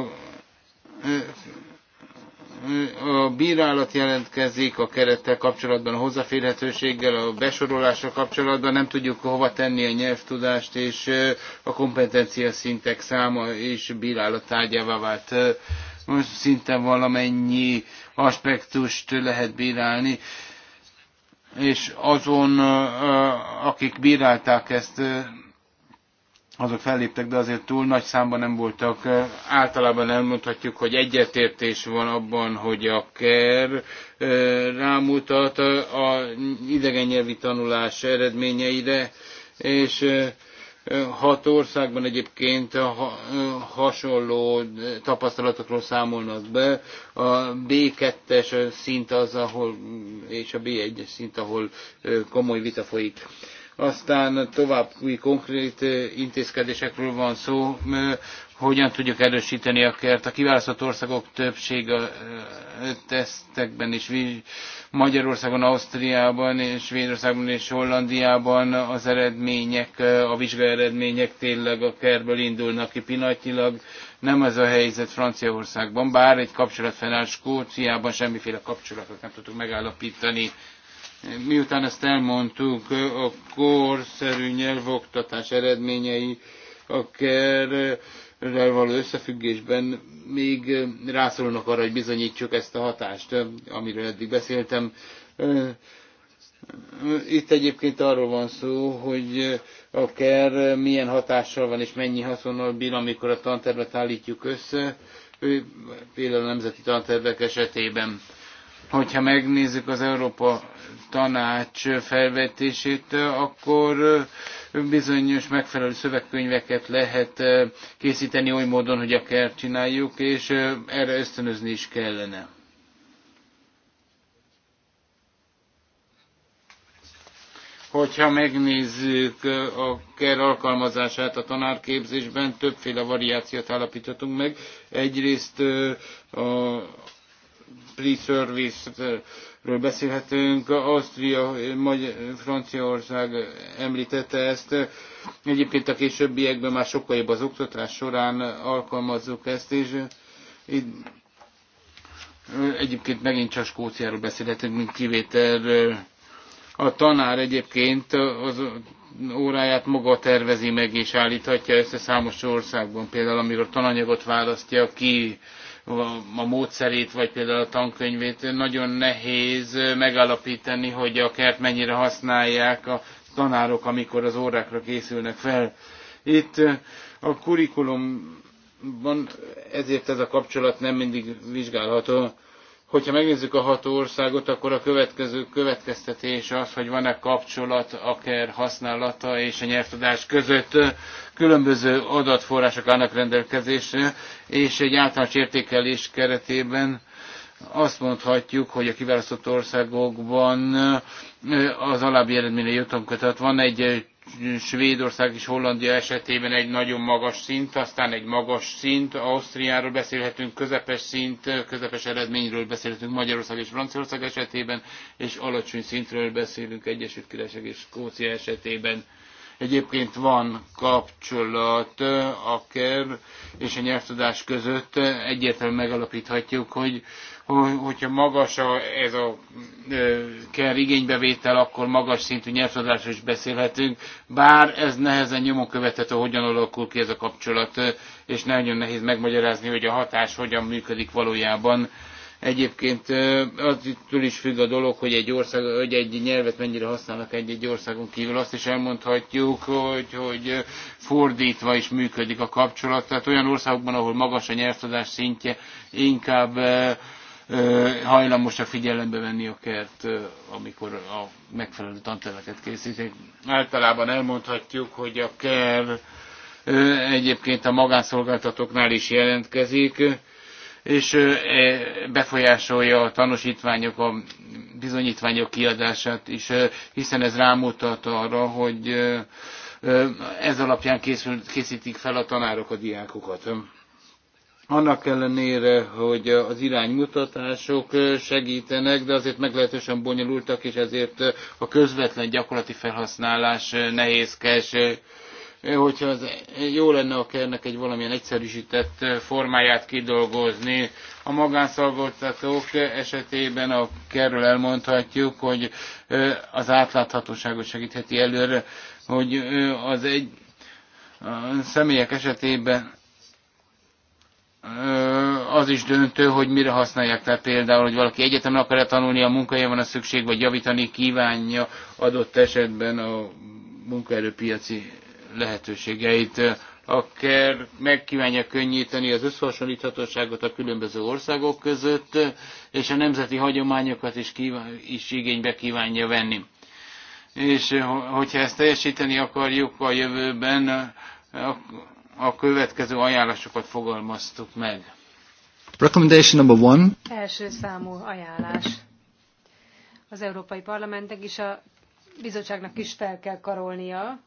a bírálat jelentkezik a kerettel kapcsolatban, a hozzáférhetőséggel, a besorolással kapcsolatban, nem tudjuk hova tenni a nyelvtudást, és a kompetencia szintek száma is bírálat tárgyává vált most szinte valamennyi aspektust lehet bírálni, és azon, akik bírálták ezt, azok felléptek, de azért túl nagy számban nem voltak. Általában elmondhatjuk, hogy egyetértés van abban, hogy a KER rámutat a idegen nyelvi tanulás eredményeire, és Hat országban egyébként hasonló tapasztalatokról számolnak be. A B2-es szint az, ahol, és a B1-es szint, ahol komoly vita folyik aztán további konkrét intézkedésekről van szó hogyan tudjuk erősíteni a kert. A kiválasztott országok többsége tesztekben is, Magyarországon, Ausztriában, és Svédországban és Hollandiában az eredmények, a vizsga eredmények tényleg a kertből indulnak ki pillanatilag. Nem ez a helyzet Franciaországban, bár egy kapcsolat fennáll Skóciában, semmiféle kapcsolatot nem tudtuk megállapítani. Miután ezt elmondtuk, a korszerű nyelvoktatás eredményei, a akár való összefüggésben még rászorulnak arra, hogy bizonyítsuk ezt a hatást, amiről eddig beszéltem. Itt egyébként arról van szó, hogy a KER milyen hatással van és mennyi haszonnal bír, amikor a tantervet állítjuk össze, például a nemzeti tantervek esetében. Hogyha megnézzük az Európa Tanács felvetését, akkor bizonyos megfelelő szövegkönyveket lehet készíteni oly módon, hogy a kert csináljuk, és erre ösztönözni is kellene. Hogyha megnézzük a KER alkalmazását a tanárképzésben, többféle variációt állapíthatunk meg. Egyrészt a pre-service-ről beszélhetünk. Ausztria, Magyar, Franciaország említette ezt. Egyébként a későbbiekben már sokkal jobb az oktatás során alkalmazzuk ezt, és egyébként megint csak Skóciáról beszélhetünk, mint kivételről. A tanár egyébként az óráját maga tervezi meg és állíthatja össze számos országban, például amikor tananyagot választja ki, a módszerét, vagy például a tankönyvét nagyon nehéz megalapítani, hogy a kert mennyire használják a tanárok, amikor az órákra készülnek fel. Itt a kurikulumban ezért ez a kapcsolat nem mindig vizsgálható. Hogyha megnézzük a hat országot, akkor a következő következtetés az, hogy van-e kapcsolat a KER használata és a nyelvtudás között különböző adatforrások állnak rendelkezésre, és egy általános értékelés keretében azt mondhatjuk, hogy a kiválasztott országokban az alábbi eredményre jutunk. Tehát van egy Svédország és Hollandia esetében egy nagyon magas szint, aztán egy magas szint, Ausztriáról beszélhetünk, közepes szint, közepes eredményről beszélhetünk Magyarország és Franciaország esetében, és alacsony szintről beszélünk Egyesült Királyság és Skócia esetében. Egyébként van kapcsolat a KER és a nyelvtudás között, egyértelműen megalapíthatjuk, hogy hogyha magas a, ez a kell igénybevétel, akkor magas szintű nyelvtudásról is beszélhetünk, bár ez nehezen nyomon követhető, hogyan alakul ki ez a kapcsolat, és nagyon nehéz megmagyarázni, hogy a hatás hogyan működik valójában. Egyébként attól is függ a dolog, hogy egy, ország, hogy egy nyelvet mennyire használnak egy-egy országon kívül. Azt is elmondhatjuk, hogy, hogy fordítva is működik a kapcsolat. Tehát olyan országokban, ahol magas a nyelvtudás szintje, inkább hajlamosak figyelembe venni a kert, amikor a megfelelő tanterveket készítik. Általában elmondhatjuk, hogy a ker egyébként a magánszolgáltatóknál is jelentkezik, és e, befolyásolja a tanúsítványok, a bizonyítványok kiadását is, hiszen ez rámutat arra, hogy ez alapján készül, készítik fel a tanárok a diákokat annak ellenére, hogy az iránymutatások segítenek, de azért meglehetősen bonyolultak, és ezért a közvetlen gyakorlati felhasználás nehézkes. Hogyha az, jó lenne, a ennek egy valamilyen egyszerűsített formáját kidolgozni. A magánszolgáltatók esetében a kerről elmondhatjuk, hogy az átláthatóságot segítheti előre, hogy az egy a személyek esetében az is döntő, hogy mire használják Tehát például, hogy valaki egyetemre akar-e tanulni, a munkahelyen van a szükség, vagy javítani kívánja adott esetben a munkaerőpiaci lehetőségeit, akár megkívánja könnyíteni az összehasonlíthatóságot a különböző országok között, és a nemzeti hagyományokat is, kíván, is igénybe kívánja venni. És hogyha ezt teljesíteni akarjuk a jövőben, a következő ajánlásokat fogalmaztuk meg.
Recommendation number one.
Első számú ajánlás. Az Európai Parlamentnek is a bizottságnak is fel kell karolnia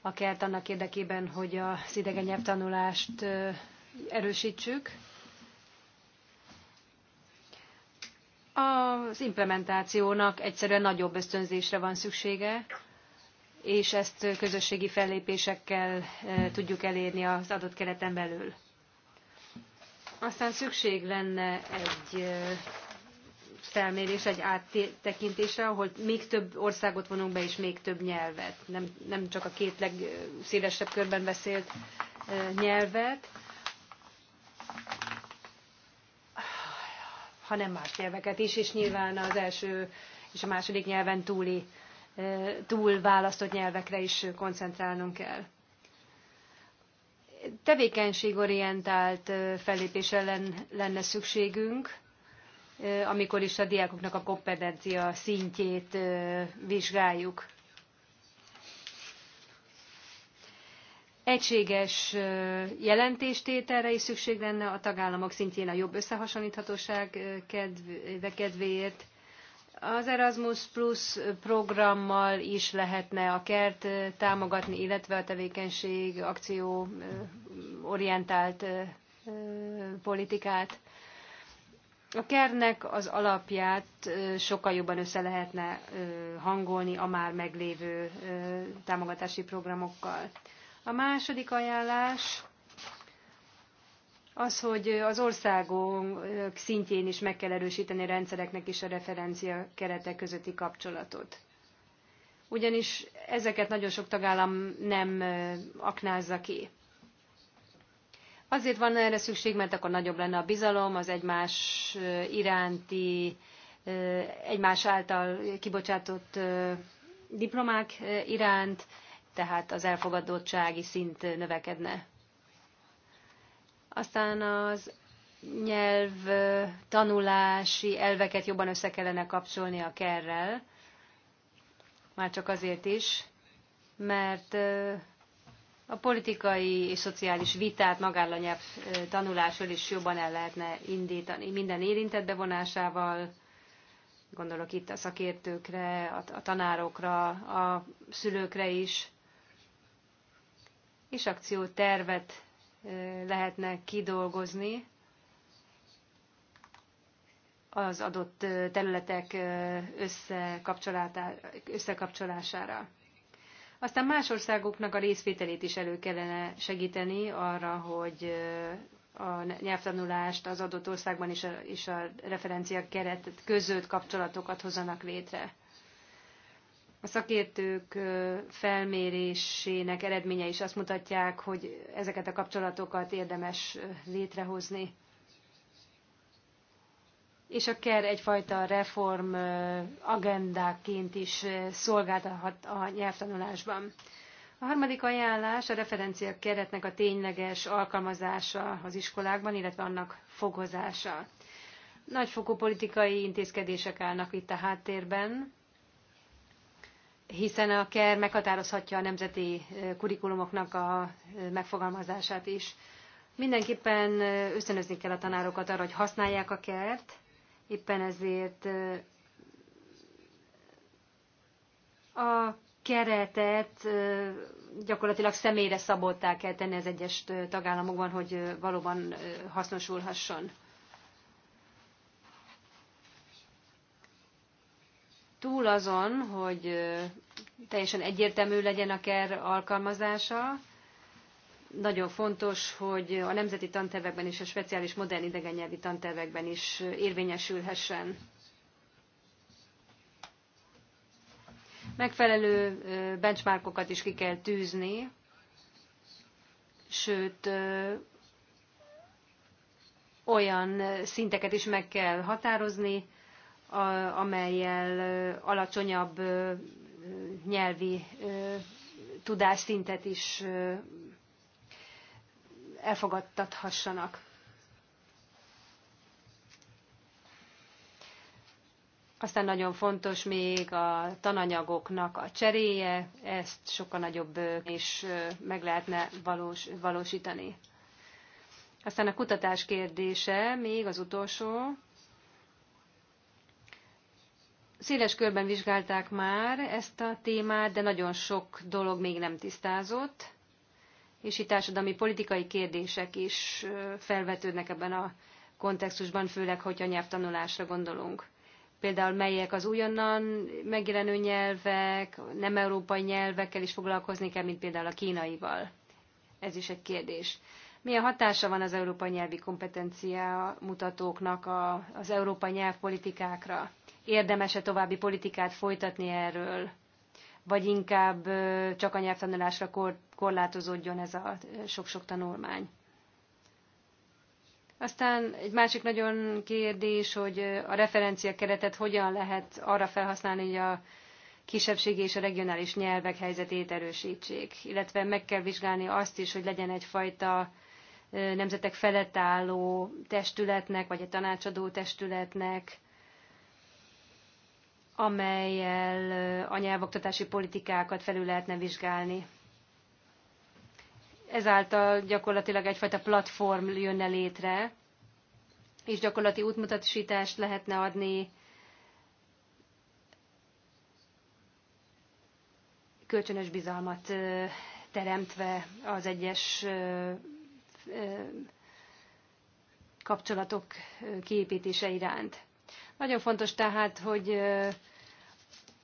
a kert annak érdekében, hogy az idegen nyelvtanulást erősítsük. Az implementációnak egyszerűen nagyobb ösztönzésre van szüksége, és ezt közösségi fellépésekkel e, tudjuk elérni az adott kereten belül. Aztán szükség lenne egy e, felmérés, egy áttekintésre, ahol még több országot vonunk be, és még több nyelvet. Nem, nem csak a két legszélesebb körben beszélt e, nyelvet, hanem más nyelveket is, és nyilván az első és a második nyelven túli túl választott nyelvekre is koncentrálnunk kell. Tevékenységorientált fellépés ellen lenne szükségünk, amikor is a diákoknak a kompetencia szintjét vizsgáljuk. Egységes jelentéstételre is szükség lenne a tagállamok szintjén a jobb összehasonlíthatóság kedvéért, az Erasmus Plus programmal is lehetne a kert támogatni, illetve a tevékenység akció orientált politikát. A kernek az alapját sokkal jobban össze lehetne hangolni a már meglévő támogatási programokkal. A második ajánlás az, hogy az országok szintjén is meg kell erősíteni a rendszereknek is a referencia keretek közötti kapcsolatot. Ugyanis ezeket nagyon sok tagállam nem aknázza ki. Azért van erre szükség, mert akkor nagyobb lenne a bizalom, az egymás iránti, egymás által kibocsátott diplomák iránt, tehát az elfogadottsági szint növekedne. Aztán az nyelv tanulási elveket jobban össze kellene kapcsolni a kerrel, már csak azért is, mert a politikai és szociális vitát magáról a nyelv tanulásról is jobban el lehetne indítani. Minden érintett bevonásával, gondolok itt a szakértőkre, a tanárokra, a szülőkre is, és akciótervet lehetne kidolgozni az adott területek összekapcsolására. Aztán más országoknak a részvételét is elő kellene segíteni arra, hogy a nyelvtanulást az adott országban is a, is a referencia keret között kapcsolatokat hozzanak létre. A szakértők felmérésének eredménye is azt mutatják, hogy ezeket a kapcsolatokat érdemes létrehozni. És a KER egyfajta reform agendáként is szolgáltathat a nyelvtanulásban. A harmadik ajánlás a referenciák keretnek a tényleges alkalmazása az iskolákban, illetve annak fokozása. Nagyfokú politikai intézkedések állnak itt a háttérben, hiszen a KER meghatározhatja a nemzeti kurikulumoknak a megfogalmazását is. Mindenképpen ösztönözni kell a tanárokat arra, hogy használják a kert, éppen ezért a keretet gyakorlatilag személyre szabottá kell tenni az egyes tagállamokban, hogy valóban hasznosulhasson. túl azon, hogy teljesen egyértelmű legyen a KER alkalmazása, nagyon fontos, hogy a nemzeti tantervekben és a speciális modern nyelvi tantervekben is érvényesülhessen. Megfelelő benchmarkokat is ki kell tűzni, sőt, olyan szinteket is meg kell határozni, amelyel alacsonyabb nyelvi tudásszintet is elfogadtathassanak. Aztán nagyon fontos még a tananyagoknak a cseréje, ezt sokkal nagyobb és meg lehetne valós, valósítani. Aztán a kutatás kérdése még az utolsó széles körben vizsgálták már ezt a témát, de nagyon sok dolog még nem tisztázott, és itt társadalmi politikai kérdések is felvetődnek ebben a kontextusban, főleg, hogyha nyelvtanulásra gondolunk. Például melyek az újonnan megjelenő nyelvek, nem európai nyelvekkel is foglalkozni kell, mint például a kínaival. Ez is egy kérdés. Milyen hatása van az európai nyelvi kompetencia mutatóknak a, az európai nyelvpolitikákra? érdemese további politikát folytatni erről, vagy inkább csak a nyelvtanulásra kor, korlátozódjon ez a sok-sok tanulmány. Aztán egy másik nagyon kérdés, hogy a referencia keretet hogyan lehet arra felhasználni, hogy a kisebbségi és a regionális nyelvek helyzetét erősítsék, illetve meg kell vizsgálni azt is, hogy legyen egyfajta nemzetek felett álló testületnek, vagy a tanácsadó testületnek amelyel a nyelvoktatási politikákat felül lehetne vizsgálni. Ezáltal gyakorlatilag egyfajta platform jönne létre, és gyakorlati útmutatásítást lehetne adni kölcsönös bizalmat teremtve az egyes kapcsolatok kiépítése iránt. Nagyon fontos tehát, hogy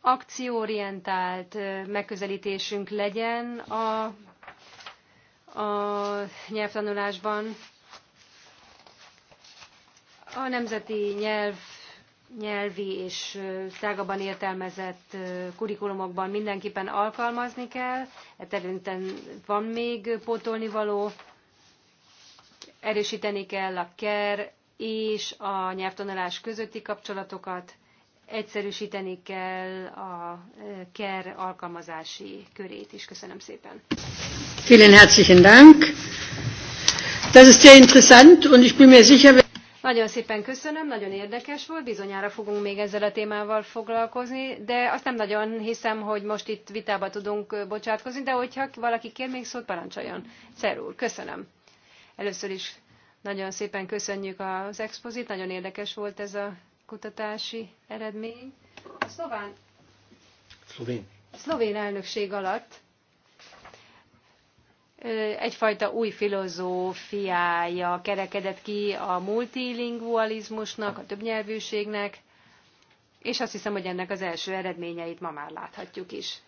akcióorientált megközelítésünk legyen a, a nyelvtanulásban. A nemzeti nyelv nyelvi és tágabban értelmezett kurikulumokban mindenképpen alkalmazni kell. E területen van még pótolni való, Erősíteni kell a ker és a nyelvtanulás közötti kapcsolatokat, egyszerűsíteni kell a e, KER alkalmazási körét is. Köszönöm szépen. Vielen herzlichen Dank. Das ist sehr interessant und ich bin mir sicher, nagyon szépen köszönöm, nagyon érdekes volt, bizonyára fogunk még ezzel a témával foglalkozni, de azt nem nagyon hiszem, hogy most itt vitába tudunk bocsátkozni, de hogyha valaki kér még szót, parancsoljon. Szerúr, köszönöm. Először is nagyon szépen köszönjük az expozit, nagyon érdekes volt ez a kutatási eredmény. A szlován, szlovén. A szlovén elnökség alatt egyfajta új filozófiája kerekedett ki a multilingualizmusnak, a többnyelvűségnek, és azt hiszem, hogy ennek az első eredményeit ma már láthatjuk is.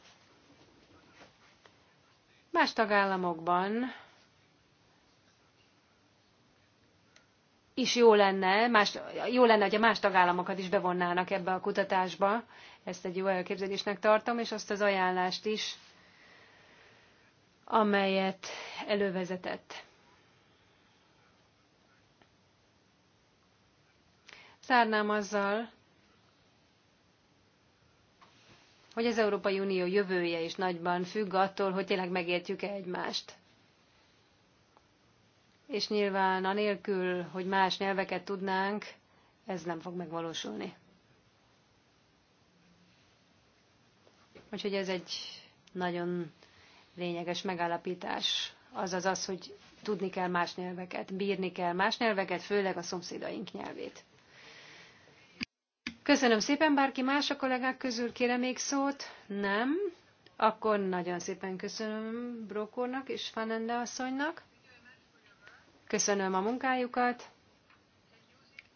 Más tagállamokban is jó lenne, más, jó lenne, hogy a más tagállamokat is bevonnának ebbe a kutatásba. Ezt egy jó elképzelésnek tartom, és azt az ajánlást is, amelyet elővezetett. Zárnám azzal, hogy az Európai Unió jövője is nagyban függ attól, hogy tényleg megértjük-e egymást és nyilván anélkül, hogy más nyelveket tudnánk, ez nem fog megvalósulni. Úgyhogy ez egy nagyon lényeges megállapítás. Azaz az, hogy tudni kell más nyelveket, bírni kell más nyelveket, főleg a szomszédaink nyelvét. Köszönöm szépen, bárki más a kollégák közül kére még szót? Nem? Akkor nagyon szépen köszönöm Brokornak és Fanende asszonynak. Köszönöm a munkájukat.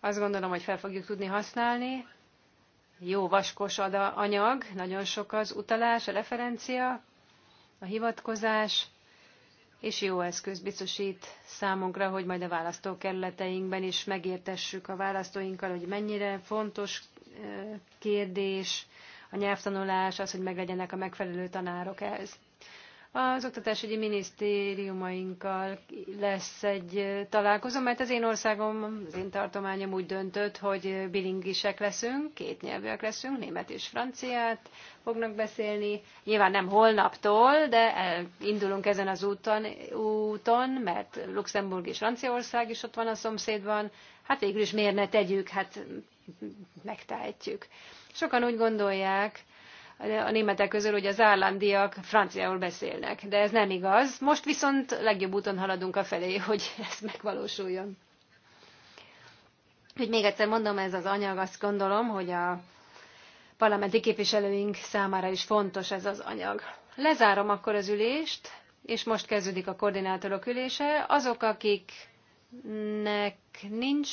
Azt gondolom, hogy fel fogjuk tudni használni. Jó vaskos a anyag, nagyon sok az utalás, a referencia, a hivatkozás, és jó eszköz biztosít számunkra, hogy majd a választókerületeinkben is megértessük a választóinkkal, hogy mennyire fontos kérdés a nyelvtanulás, az, hogy meglegyenek a megfelelő tanárok ehhez. Az oktatásügyi minisztériumainkkal lesz egy találkozó, mert az én országom, az én tartományom úgy döntött, hogy bilingisek leszünk, két nyelvűek leszünk, német és franciát fognak beszélni. Nyilván nem holnaptól, de indulunk ezen az úton, úton, mert Luxemburg és Franciaország is ott van a szomszédban. Hát végül is miért ne tegyük, hát megtehetjük. Sokan úgy gondolják, a németek közül, hogy az állandiak franciául beszélnek, de ez nem igaz. Most viszont legjobb úton haladunk a felé, hogy ez megvalósuljon. Hogy még egyszer mondom, ez az anyag, azt gondolom, hogy a parlamenti képviselőink számára is fontos ez az anyag. Lezárom akkor az ülést, és most kezdődik a koordinátorok ülése. Azok, akiknek nincs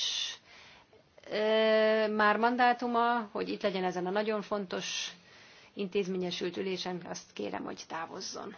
már mandátuma, hogy itt legyen ezen a nagyon fontos intézményesült ülésen, azt kérem, hogy távozzon.